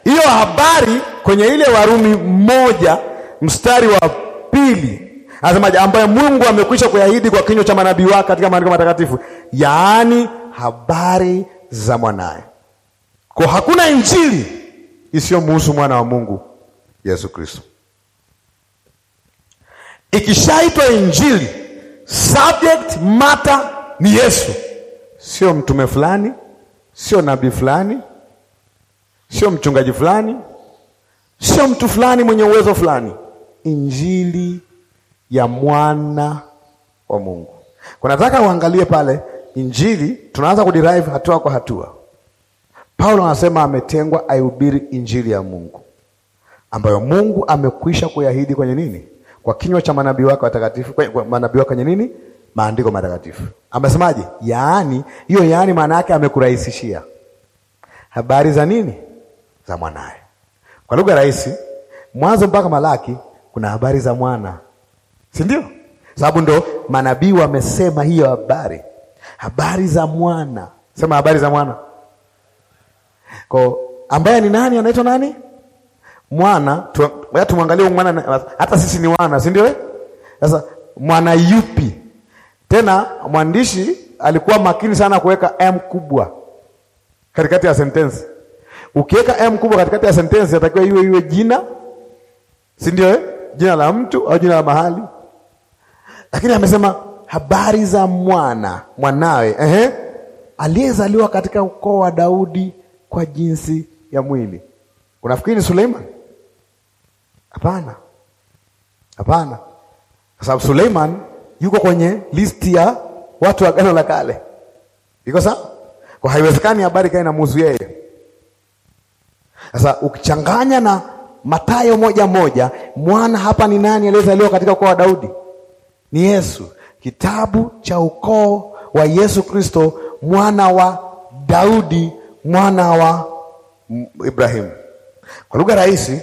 hiyo habari kwenye ile Warumi moja mstari wa pili, anasemaje? Ambaye Mungu amekwisha kuahidi kwa kinywa cha manabii wake katika maandiko matakatifu, yaani habari za mwanaye. Kwa hakuna injili isiyomhusu mwana wa Mungu Yesu Kristo. Ikishaitwa injili, subject matter ni Yesu sio mtume fulani, sio nabii fulani, sio mchungaji fulani, sio mtu fulani mwenye uwezo fulani. Injili ya mwana wa Mungu. Kwa nataka uangalie pale injili, tunaanza kuderive hatua kwa hatua. Paulo anasema ametengwa aihubiri injili ya Mungu ambayo Mungu amekwisha kuyahidi kwenye nini? Kwa kinywa cha manabii wake watakatifu, manabii wake kwenye nini? maandiko matakatifu. Amesemaje? Yaani hiyo, yaani maana yake amekurahisishia habari za nini? Za mwanaye. Kwa lugha rahisi, Mwanzo mpaka Malaki kuna habari za mwana, si ndio? Sababu ndo manabii wamesema hiyo habari, habari za mwana. Sema habari za mwana ko, ambaye ni nani? Anaitwa nani? Mwana. Tumwangalie mwana, hata sisi ni wana, si ndio? Eh? Sasa mwana yupi? Tena mwandishi alikuwa makini sana kuweka m kubwa katikati ya sentensi. Ukiweka m kubwa katikati ya sentensi, atakiwa iwe iwe jina, si ndio? Eh, jina la mtu au jina la mahali. Lakini amesema habari za mwana mwanawe, eh, aliyezaliwa katika ukoo wa Daudi kwa jinsi ya mwili. Unafikiri ni Suleiman? Hapana, hapana, kwa sababu Suleiman yuko kwenye listi ya watu wa Agano la Kale. Iko sawa? Kwa haiwezekani habari kae na muzu yeye. Sasa ukichanganya na Mathayo moja moja, mwana hapa ni nani aliyezaliwa katika ukoo wa Daudi? Ni Yesu. Kitabu cha ukoo wa Yesu Kristo, mwana wa Daudi, mwana wa Ibrahimu. Kwa lugha rahisi,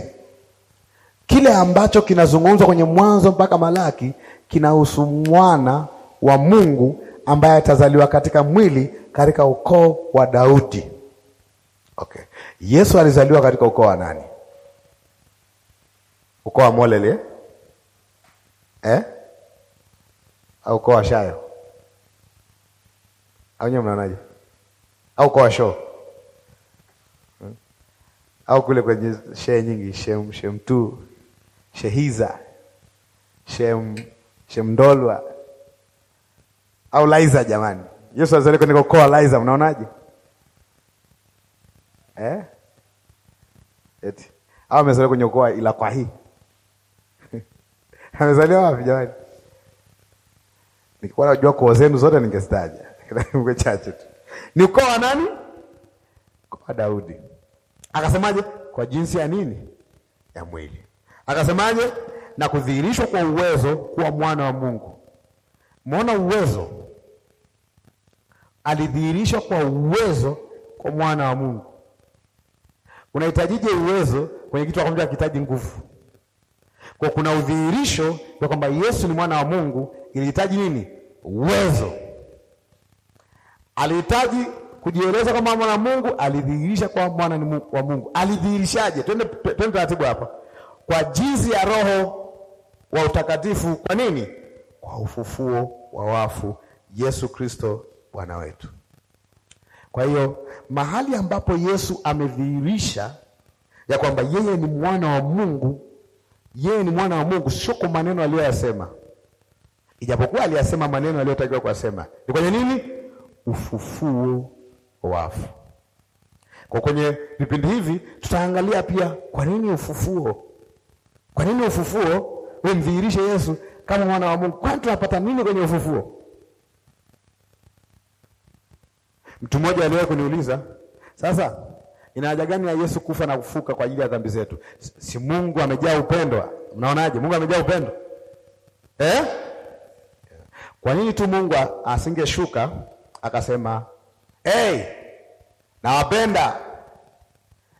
kile ambacho kinazungumzwa kwenye Mwanzo mpaka Malaki kinahusu mwana wa Mungu ambaye atazaliwa katika mwili katika ukoo wa Daudi. Okay. Yesu alizaliwa katika ukoo wa nani? Ukoo wa Molele eh? eh? au ukoo wa Shayo au nyewe mnaonaje? au ukoo wa Shoo hmm? au kule kwenye shee nyingi, Shem, Shehiza, Shem Shemdolwa au Laiza? Jamani, Yesu alizaliwa kwenye ukoo wa Laiza, mnaonaje eh? Eti au amezaliwa kwenye ukoo ila kwa hii [laughs] amezaliwa wapi jamani? Nikikuwa najua koo zenu zote ningestaja [laughs] chache tu. Ni ukoo wa nani? Kwa Daudi. Akasemaje? Kwa jinsi ya nini? Ya mwili. Akasemaje? na kudhihirishwa kwa uwezo kuwa mwana wa Mungu. mwona uwezo, alidhihirishwa kwa uwezo kwa mwana wa Mungu. Unahitajije uwezo kwenye kitu ambacho hakihitaji nguvu? Kwa kuna udhihirisho wa kwamba Yesu ni mwana wa Mungu, ilihitaji nini? Uwezo. Alihitaji kujieleza kama mwana wa Mungu, alidhihirisha kwa mwana wa Mungu. Alidhihirishaje? Twende twende taratibu hapa, kwa jinsi ya Roho wa utakatifu kwa nini? Kwa ufufuo wa wafu, Yesu Kristo Bwana wetu. Kwa hiyo mahali ambapo Yesu amedhihirisha ya kwamba yeye ni mwana wa Mungu, yeye ni mwana wa Mungu, sio kwa maneno aliyoyasema, ijapokuwa aliyasema maneno aliyotakiwa kuyasema, ni kwenye nini? Ufufuo wa wafu. Kwa kwenye vipindi hivi tutaangalia pia kwa nini ufufuo, kwa nini ufufuo we mdhihirishe Yesu kama mwana wa Mungu. Kwani tunapata nini kwenye ufufuo? Mtu mmoja aliwahi kuniuliza, sasa ina haja gani ya Yesu kufa na kufuka kwa ajili ya dhambi zetu? Si Mungu amejaa upendo? Mnaonaje? Mungu amejaa upendo eh? Kwa nini tu Mungu asingeshuka akasema hey, nawapenda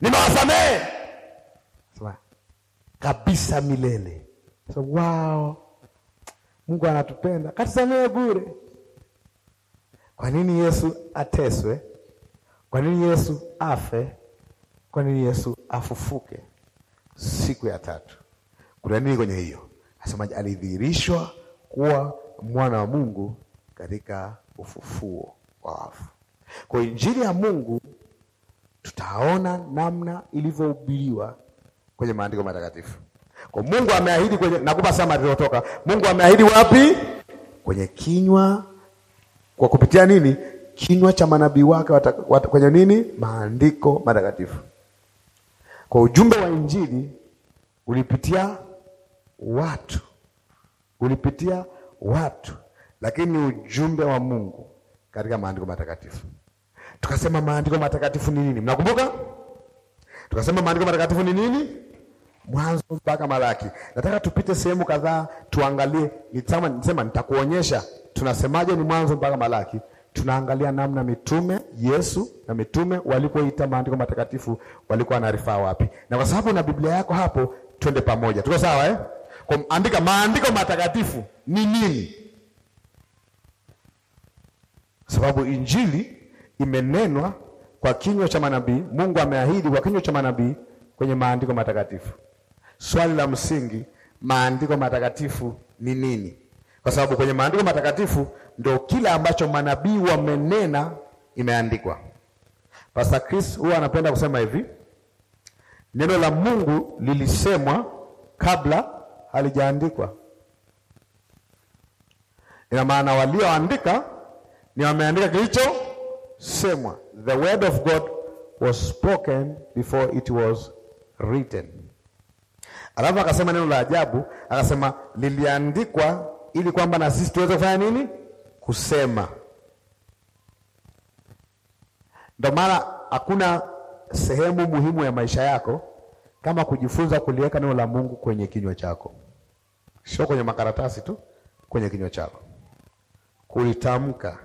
nimewasamehe kabisa milele So, wow, Mungu anatupenda katusamehe bure. Kwa nini Yesu ateswe? Kwa nini Yesu afe? Kwa nini Yesu afufuke siku ya tatu? Kuna nini kwenye hiyo? Asemaje? Alidhihirishwa kuwa mwana wa Mungu katika ufufuo wa wafu. Kwa injili ya Mungu tutaona namna ilivyohubiriwa kwenye maandiko matakatifu. Kwa Mungu ameahidi kwenye, nakupa sama lilotoka. Mungu ameahidi wapi? Kwenye kinywa, kwa kupitia nini? Kinywa cha manabii wake wata, wata, kwenye nini? Maandiko matakatifu. Kwa ujumbe wa Injili ulipitia watu, ulipitia watu, lakini ujumbe wa Mungu katika maandiko matakatifu. Tukasema maandiko matakatifu ni nini? Mnakumbuka? Tukasema maandiko matakatifu ni nini? Mwanzo mpaka Malaki. Nataka tupite sehemu kadhaa tuangalie, nitama nisema nitakuonyesha tunasemaje ni Mwanzo mpaka Malaki. Tunaangalia namna mitume Yesu na mitume walipoita maandiko matakatifu walikuwa wanaarifa wapi, na kwa sababu na Biblia yako hapo, twende pamoja, tuko sawa eh? Kwa andika maandiko matakatifu ni nini, sababu injili imenenwa kwa kinywa cha manabii. Mungu ameahidi kwa kinywa cha manabii kwenye maandiko matakatifu swali la msingi, maandiko matakatifu ni nini? Kwa sababu kwenye maandiko matakatifu ndio kila ambacho manabii wamenena imeandikwa. Pastor Chris huwa anapenda kusema hivi, neno la Mungu lilisemwa kabla halijaandikwa. Ina maana walioandika ni wameandika kilichosemwa. The word of God was spoken before it was written. Alafu akasema neno la ajabu, akasema liliandikwa ili kwamba na sisi tuweze kufanya nini? Kusema. Ndio maana hakuna sehemu muhimu ya maisha yako kama kujifunza kuliweka neno la Mungu kwenye kinywa chako, sio kwenye makaratasi tu, kwenye kinywa chako, kulitamka.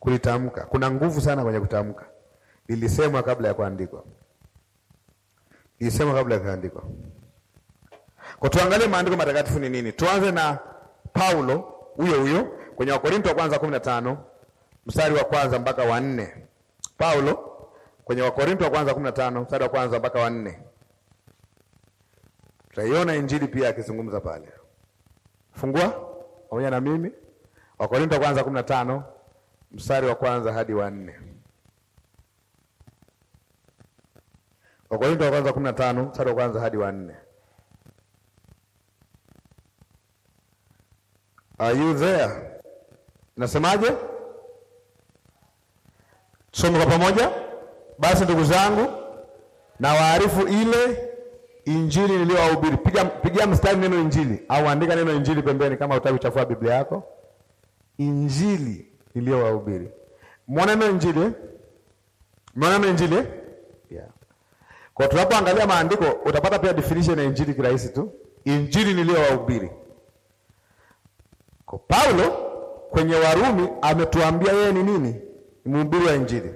Kulitamka kuna nguvu sana kwenye kutamka. Lilisemwa kabla ya kuandikwa, lilisemwa kabla ya kuandikwa. Kwa tuangalie maandiko matakatifu ni nini. Tuanze na Paulo huyo huyo kwenye Wakorinto wa kwanza kumi na tano mstari wa kwanza mpaka wa nne. Paulo kwenye Wakorinto wa kwanza kumi na tano mstari wa kwanza mpaka wa nne. Tutaiona injili pia akizungumza pale. Fungua pamoja na mimi Wakorinto wa kwanza kumi na tano mstari wa kwanza hadi wa nne. Wakorinto wa kwanza kumi na tano mstari wa kwanza hadi wa nne. Are you there? Nasemaje? Somo kwa pamoja. Basi ndugu zangu, na waarifu ile injili niliyowahubiri. Piga pigia mstari neno injili, au andika neno injili pembeni, kama chafua Biblia yako. Injili niliyowahubiri. Mwana neno injili, mwana neno injili yeah. Kwa tunapoangalia maandiko utapata pia definition ya injili kirahisi tu, injili niliyowahubiri kwa Paulo kwenye Warumi ametuambia yeye ni nini? Mhubiri wa Injili.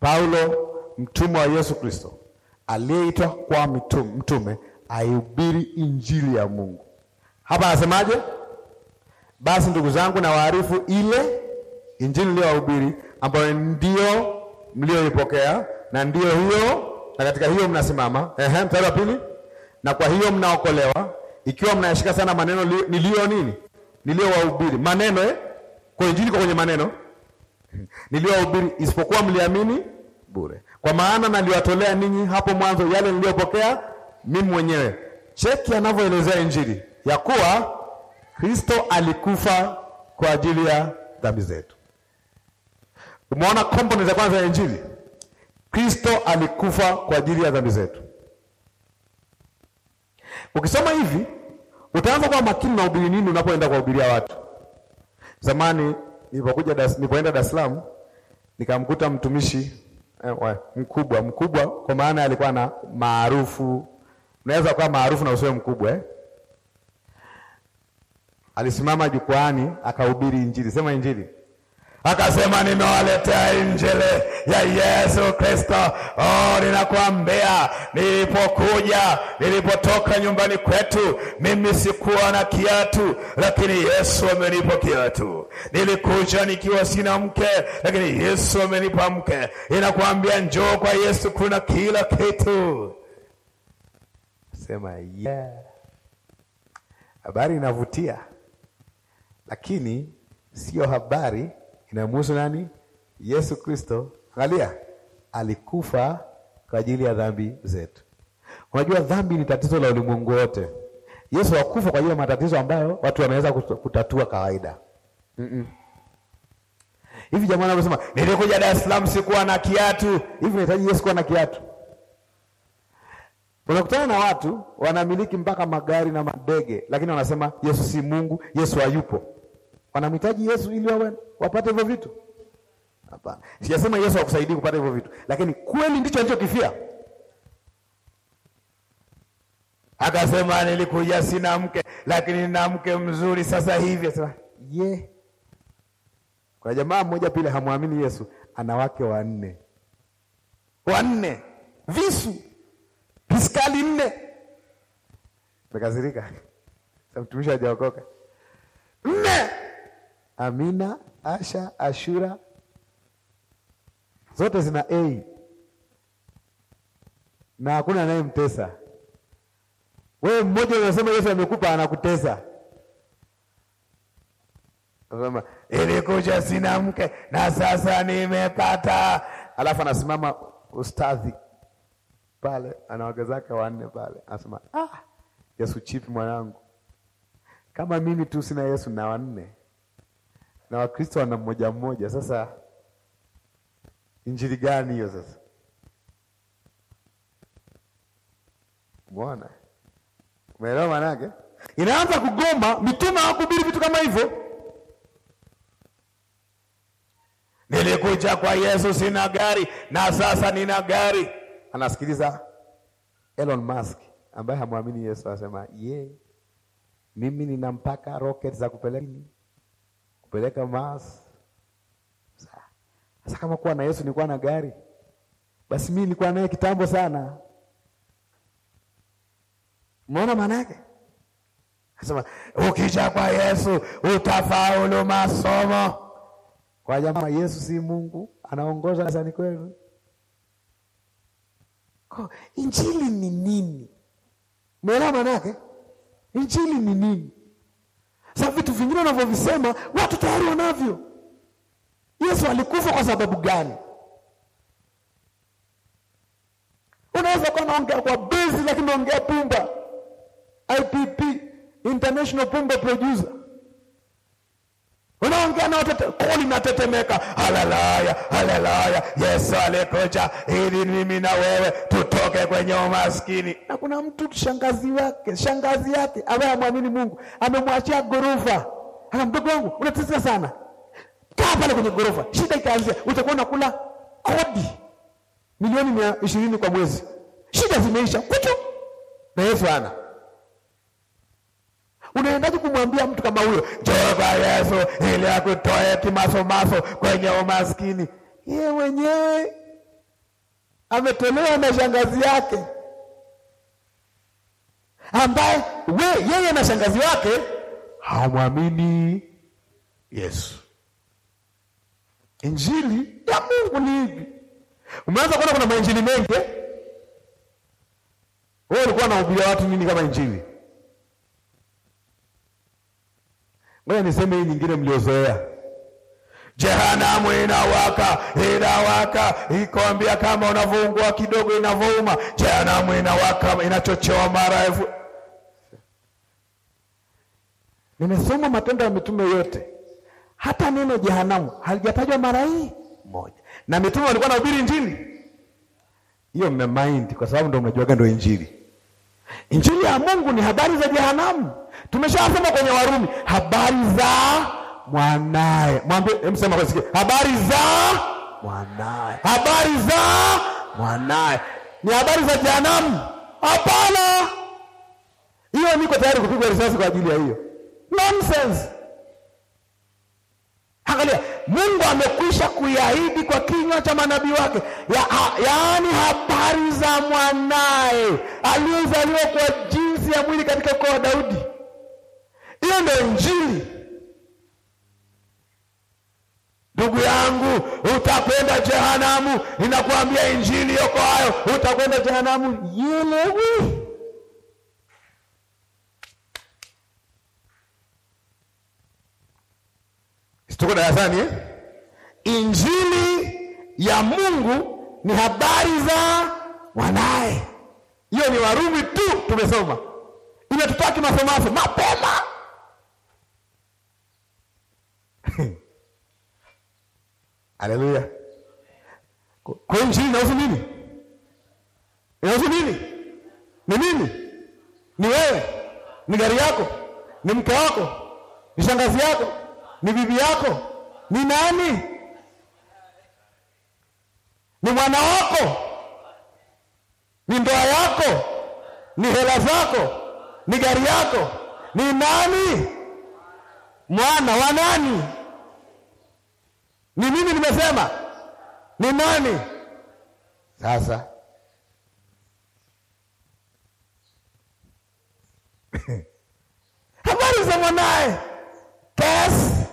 Paulo mtumwa wa Yesu Kristo aliyeitwa kwa mitume, mtume aihubiri injili ya Mungu. Hapa anasemaje? Basi ndugu zangu, na waarifu ile injili niliyowahubiri, ambayo ndio mlioipokea na ndio hiyo, na katika hiyo mnasimama. Ehe, mstari wa pili. Na kwa hiyo mnaokolewa, ikiwa mnayashika sana maneno niliyo nini niliyowahubiri maneno eh? Kwa injili kwa kwenye maneno [laughs] niliyowahubiri, isipokuwa mliamini bure, kwa maana naliwatolea ninyi hapo mwanzo yale niliyopokea mimi mwenyewe. Cheki anavyoelezea injili ya kuwa Kristo alikufa kwa ajili ya dhambi zetu. Umeona komponenti ya kwanza ya injili, Kristo alikufa kwa ajili ya dhambi zetu. Ukisoma hivi Utaanza kuwa makini na ubiri nini unapoenda kuwahubiria watu. Zamani nilipokuja nilipoenda Dar es Salaam nikamkuta mtumishi eh, we, mkubwa mkubwa, kwa maana alikuwa na maarufu, unaweza kuwa maarufu na usiwe mkubwa eh? Alisimama jukwaani akahubiri Injili, sema Injili. Akasema nimewaletea injili ya Yesu Kristo. Oh, ninakuambia nilipokuja, nilipotoka nyumbani kwetu, mimi sikuwa na kiatu, lakini Yesu amenipa kiatu. Nilikuja nikiwa sina mke, lakini Yesu amenipa mke. Inakuambia njoo kwa Yesu, kuna kila kitu. Sema yeah. Habari inavutia, lakini sio habari Inamhusu nani? Yesu Kristo. Angalia, alikufa kwa ajili ya dhambi zetu. Unajua dhambi ni tatizo la ulimwengu wote. Yesu hakufa kwa ajili ya matatizo ambayo watu wanaweza kutatua kawaida. mm -mm. Hivi jamani, anasema nilikuja Dar es Salaam sikuwa na kiatu. Hivi nahitaji Yesu kuwa na kiatu? Unakutana na watu wanamiliki mpaka magari na madege, lakini wanasema Yesu si Mungu, Yesu hayupo. Wanamhitaji Yesu ili wawe wapate hivyo vitu? Hapana, sijasema Yesu akusaidii kupata hivyo vitu, lakini kweli ndicho alichokifia. Akasema, nilikuja sina mke, lakini nina mke mzuri sasa hivi. Sasa ye Kuna jamaa mmoja pile hamwamini Yesu, ana wake wanne, wanne visu piskali nne. Nikasirika, mtumishi hajaokoka nne Amina, Asha, Ashura zote zina A na hakuna anayemtesa. Wewe mmoja unasema Yesu amekupa, anakutesa. Anasema ilikuja sina mke na sasa nimepata, alafu anasimama ustadhi pale zake wanne pale, anasema ah, Yesu chipi mwanangu, kama mimi tu sina Yesu na wanne na Wakristo wana mmoja mmoja. Sasa injili gani hiyo? Sasa Bwana, umeelewa maana yake? Inaanza kugoma. Mitume hawakuhubiri vitu kama hivyo. Nilikuja kwa Yesu sina gari na sasa nina gari. Anasikiliza Elon Musk ambaye hamwamini Yesu, anasema ye, mimi nina mpaka rocket za kupeleka kupeleka mas Sasa kama kuwa na Yesu nilikuwa na gari, basi mimi nilikuwa naye kitambo sana. Umeona maana yake? Anasema ukija kwa Yesu utafaulu masomo. Kwa jamaa Yesu si Mungu, anaongoza sasa kwenu. injili ni nini? Umeona maana yake? Injili ni nini? Sasa vitu vingine unavyovisema watu tayari wanavyo. Yesu alikufa kwa sababu gani? Unaweza kuwa naongea kwa bezi, lakini naongea pumba. IPP, International Pumba Producer unaongea na utete, koli natetemeka. Haleluya, haleluya, Yesu alikuja ili mimi na wewe tutoke kwenye umaskini. Na kuna mtu shangazi wake shangazi yake ambaye amwamini Mungu amemwachia gorofa, ana mdogo wangu unateseka sana, kaa pale kwenye gorofa. Shida ikaanzia, utakuwa unakula kodi milioni mia ishirini kwa mwezi. Shida zimeisha kuchu na Yesu ana Unaendaje kumwambia mtu kama huyo, njoo kwa Yesu ili akutoe kimasomaso kwenye umaskini? Yeye mwenyewe ametolewa na shangazi yake, ambaye we yeye na shangazi wake hawamwamini Yesu. Injili ya Mungu ni hivi. Umeanza kuona kuna mainjili mengi. Eh? Wewe ulikuwa unahubiria watu nini kama injili? Ngoja niseme hii nyingine mliozoea. Jehanamu inawaka, inawaka, ikwambia kama unavungua kidogo inavouma Jehanamu inawaka, inachochewa mara elfu. Nimesoma Matendo ya Mitume yote, hata neno jehanamu halijatajwa mara hii moja, na mitume walikuwa ubiri Injili hiyo. Mmemind kwa sababu ndio mnajuaga ndio Injili. Injili ya Mungu ni habari za jehanamu. Tumeshasema kwenye Warumi habari za mwanaye, mwambie msema kwa sikio, habari za mwanae, habari za mwanae Ni habari za jehanamu? Hapana, hiyo niko tayari kupigwa risasi kwa ajili ya hiyo nonsense. Angalia, Mungu amekwisha kuiahidi kwa kinywa cha manabii wake ya, ha, yaani habari za mwanaye aliyozaliwa kwa jinsi ya mwili katika ukoo wa Daudi. Hiyo ndio Injili ndugu yangu, utakwenda jehanamu. Ninakwambia injili yoko hayo, utakwenda jehanamu yelewi. Situko darasani eh? Injili ya Mungu ni habari za wanaye. Hiyo ni Warumi tu tumesoma, inatutaki masomaso mapema [laughs] Haleluya. Kwa hiyo mshindi inahusu nini? Inahusu nini? Ni mimi? Ni wewe? Ni gari yako? Ni mke wako? Ni shangazi yako? Ni bibi yako? Ni nani? Ni mwana wako? Ni ndoa yako? Ni hela zako? Ni gari yako? Ni nani? Mwana wa nani? Ni mimi nimesema, ni nani sasa? [coughs] habari za mwanaye, case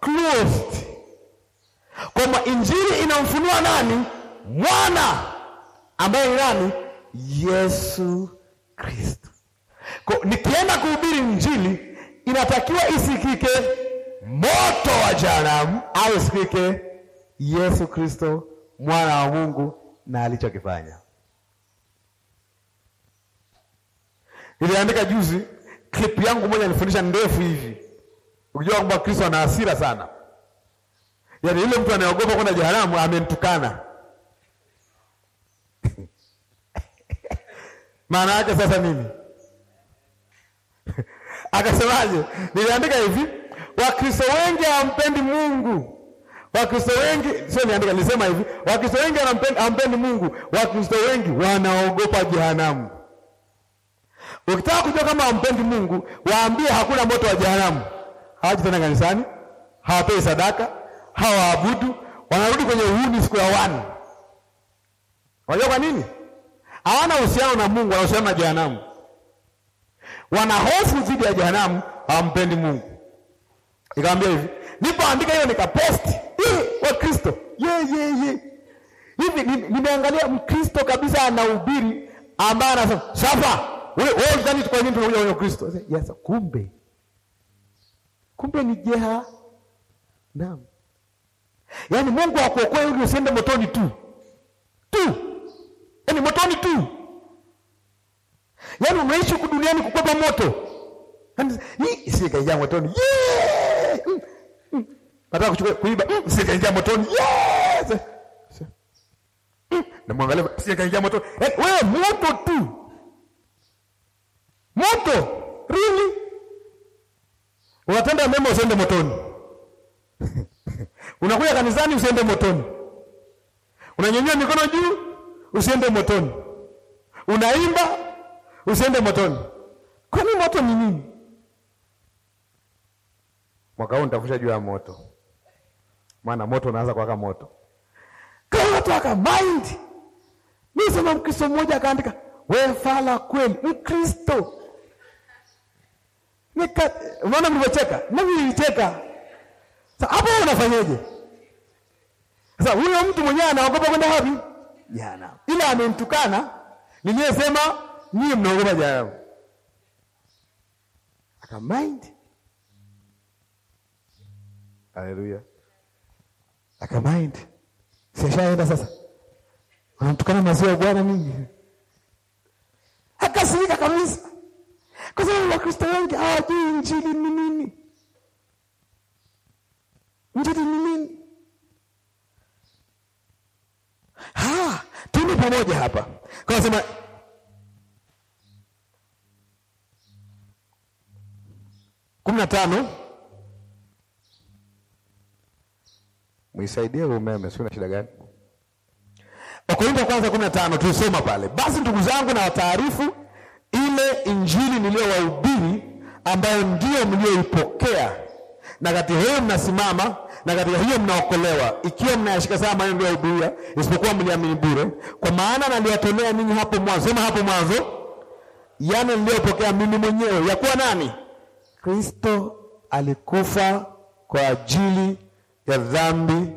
closed, kwamba injili inamfunua nani? Mwana ambaye ni nani? Yesu Kristo. Nikienda kuhubiri injili inatakiwa isikike moto wa jahanamu au sikike Yesu Kristo mwana wa Mungu na alichokifanya. Niliandika juzi clip yangu moja, nilifundisha ndefu hivi, ukijua kwamba Kristo ana hasira sana, yaani yule mtu anayeogopa kwenda jehanamu amentukana [laughs] maana yake sasa nini? [laughs] Akasemaje? Niliandika hivi Wakristo wengi hawampendi Mungu. Wakristo wengi sio, niandika, nisema hivi, Wakristo wengi hawampendi Mungu. Wakristo wengi wanaogopa jehanamu. Ukitaka kujua kama hawampendi Mungu, waambie hakuna moto wa jehanamu. Hawaji tena kanisani, hawapei sadaka, hawaabudu, wanarudi kwenye uhuni siku ya wani. Wajua kwa nini? Hawana uhusiano na Mungu, wanahusiana na jehanamu. Wana hofu dhidi ya jehanamu, hawampendi Mungu. Nikamwambia hivi, nipoandika hiyo hii eh, wa Kristo ye ye ye hivi, nimeangalia Mkristo kabisa anahubiri, ambaye anasema sasa wewe wewe kwa nini tunakuja kwa Kristo? Yes, kumbe kumbe ni jeha naam. Yaani Mungu akuokoe ili usiende motoni tu tu, yaani motoni tu, yaani unaishi kuduniani duniani kukwepa moto, yaani hii si motoni yeah! Nataka kuchukua kuiba, msikaingia mm, motoni. Yes! Mm, Na mwangalia, msikaingia motoni. Eh, wewe moto tu. Moto. Really? Unatenda mema usiende motoni. [laughs] Unakuja kanisani usiende motoni. Unanyanyua mikono juu usiende motoni. Unaimba usiende motoni. Kwani moto ni nini? Mwaka huu nitafusha juu ya moto maana moto unaanza kuwaka moto. Kama watu nisema Mkristo mmoja akaandika, wefala fala kweli, Mkristo. Unaona mlivyocheka, nami nilicheka. Sasa hapo unafanyeje? Sasa huyo mtu mwenyewe anaogopa kwenda wapi? Jana. ila amemtukana niliyesema nyie mnaogopa jehanamu, akamaindi. Haleluya! Akamind siashaenda sasa, anamtukana maziwa ya Bwana mingi, akasirika kabisa, kwa sababu Wakristo wengi hawajui injili ni nini. Injili ni nini? Tuni pamoja hapa kanasema kumi na tano Mwisaidie umeme, sio na shida gani? Wakorintho kwanza 15 tulisoma pale. Basi ndugu zangu, na wataarifu ile injili niliyowahubiri, ambayo ndio mlioipokea, na katika hiyo mnasimama, na katika hiyo mnaokolewa, ikiwa mnayashika sana maneno niliyowahubiria, isipokuwa mliamini bure. Kwa maana naliyotolea ninyi hapo mwanzo, sema hapo mwanzo, yani niliyopokea mimi mwenyewe, ya kuwa nani? Kristo alikufa kwa ajili ya dhambi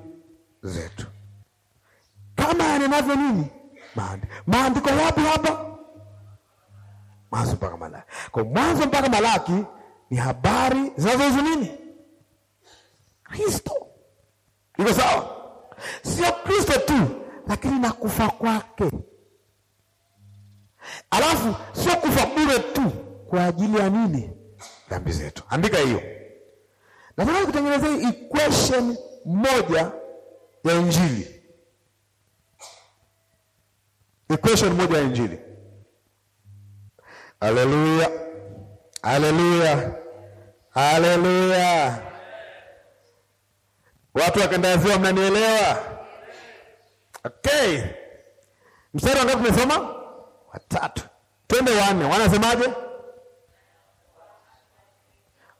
zetu kama yanenavyo nini maandiko. Maandiko yapi hapa? Mwanzo mpaka Malaki. Kwa Mwanzo mpaka Malaki ni habari zinazohusu nini? Kristo. Iko sawa? Sio Kristo tu, lakini na kufa kwake. Alafu sio kufa bure tu, kwa ajili ya nini? Dhambi zetu. Andika hiyo. Nataka nikutengenezee equation moja ya injili, equation moja ya injili. Haleluya, haleluya, haleluya! Watu wakandaziwa, mnanielewa? Okay, mstari wangapi tumesoma? Watatu, twende wanne. Wanasemaje?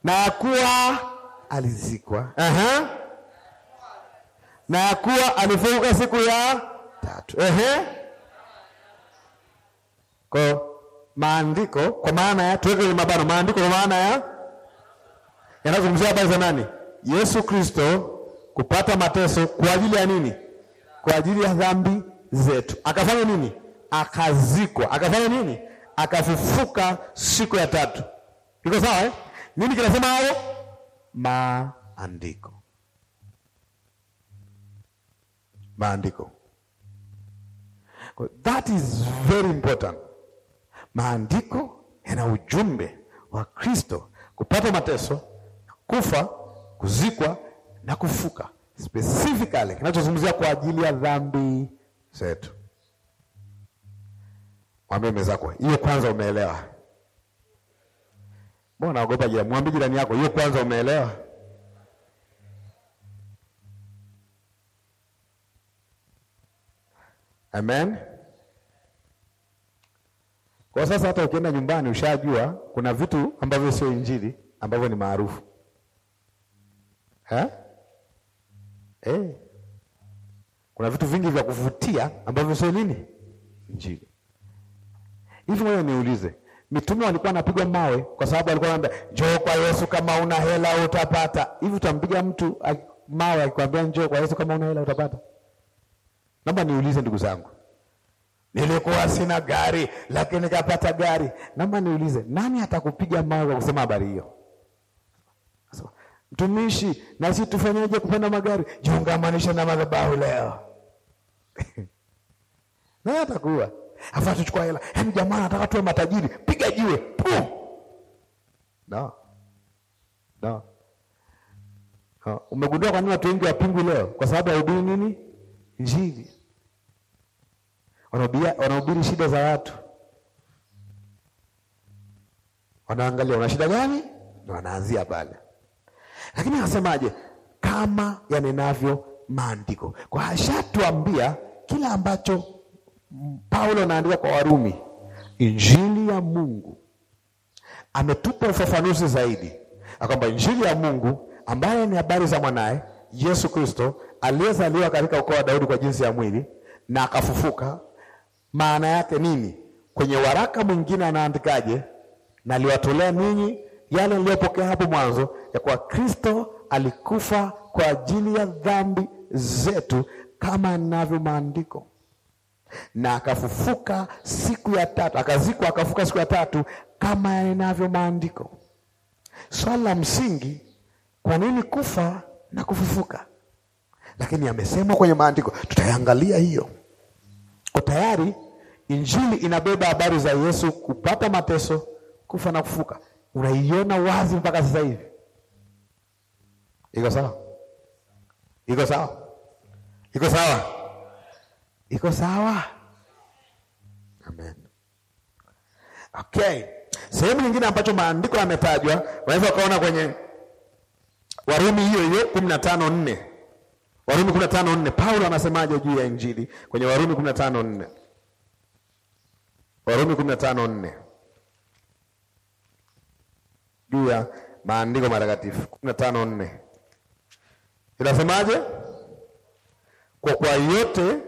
na kuwa alizikwa. -huh. Na ya kuwa alifufuka siku ya tatu. -huh. Kwa maandiko kwa maana ya tuweke ile mabano maandiko kwa maana ya yanazungumzia habari za nani? Yesu Kristo kupata mateso kwa ajili ya nini? Kwa ajili ya dhambi zetu. Akafanya nini? Akazikwa. Akafanya nini? Akafufuka siku ya tatu. Iko sawa eh? Nini kinasema hapo? maandiko. Maandiko, that is very important. Maandiko yana ujumbe wa Kristo kupata mateso, kufa, kuzikwa na kufuka, specifically kinachozungumzia kwa ajili ya dhambi zetu. Mwambie mwenzako hiyo kwanza, umeelewa? Mbona naogopa jirani? Mwambie jirani yako hiyo kwanza, umeelewa? Amen. Kwa sasa hata ukienda nyumbani ushajua kuna vitu ambavyo sio injili ambavyo ni maarufu Eh. Kuna vitu vingi vya kuvutia ambavyo sio nini injili. Hivi wewe niulize Mitume walikuwa wanapigwa mawe kwa sababu walikuwa wanaambia njoo kwa Yesu kama una hela utapata. Hivi utampiga mtu mawe akikwambia njoo kwa Yesu kama una hela utapata? Naomba niulize ndugu zangu. Nilikuwa sina gari lakini nikapata gari. Naomba niulize, nani atakupiga mawe kwa kusema habari hiyo? Mtumishi, na sisi tufanyaje kupanda magari? Jiungamanisha na madhabahu leo. [laughs] Nani atakuwa afu hela. Yaani jamaa anataka tuwe matajiri, piga jiwe pu da da. Umegundua kwa nini watu wengi wapingwi leo? Kwa sababu haubiri nini? Injili. Wanahubiri shida za watu, wanaangalia una shida gani, na wanaanzia pale. Lakini anasemaje? Kama yanenavyo maandiko, kwa ashatuambia kila ambacho Paulo anaandika kwa Warumi, injili ya Mungu ametupa ufafanuzi zaidi, kwamba injili ya Mungu ambaye ni habari za mwanaye Yesu Kristo aliyezaliwa katika ukoo wa Daudi kwa jinsi ya mwili na akafufuka. Maana yake nini? Kwenye waraka mwingine anaandikaje? Naliwatolea ninyi yale niliyopokea hapo mwanzo, ya kuwa Kristo alikufa kwa ajili ya dhambi zetu, kama anavyo maandiko na akafufuka siku ya tatu, akazikwa, akafufuka siku ya tatu kama yanenavyo maandiko. Swali la msingi, kwa nini kufa na kufufuka? Lakini amesema kwenye maandiko, tutaangalia hiyo kwa tayari. Injili inabeba habari za Yesu kupata mateso, kufa na kufufuka, unaiona wazi mpaka sasa hivi. Iko sawa? Iko sawa? Iko sawa? iko sawa? Amen. Okay. Sehemu nyingine ambacho maandiko yametajwa unaweza ukaona kwenye Warumi hiyo hiyo kumi na tano nne Warumi kumi na tano nne Paulo anasemaje juu ya Injili kwenye Warumi kumi na tano nne Warumi kumi na tano nne juu ya maandiko matakatifu kumi na tano nne inasemaje? Kwa kwa yote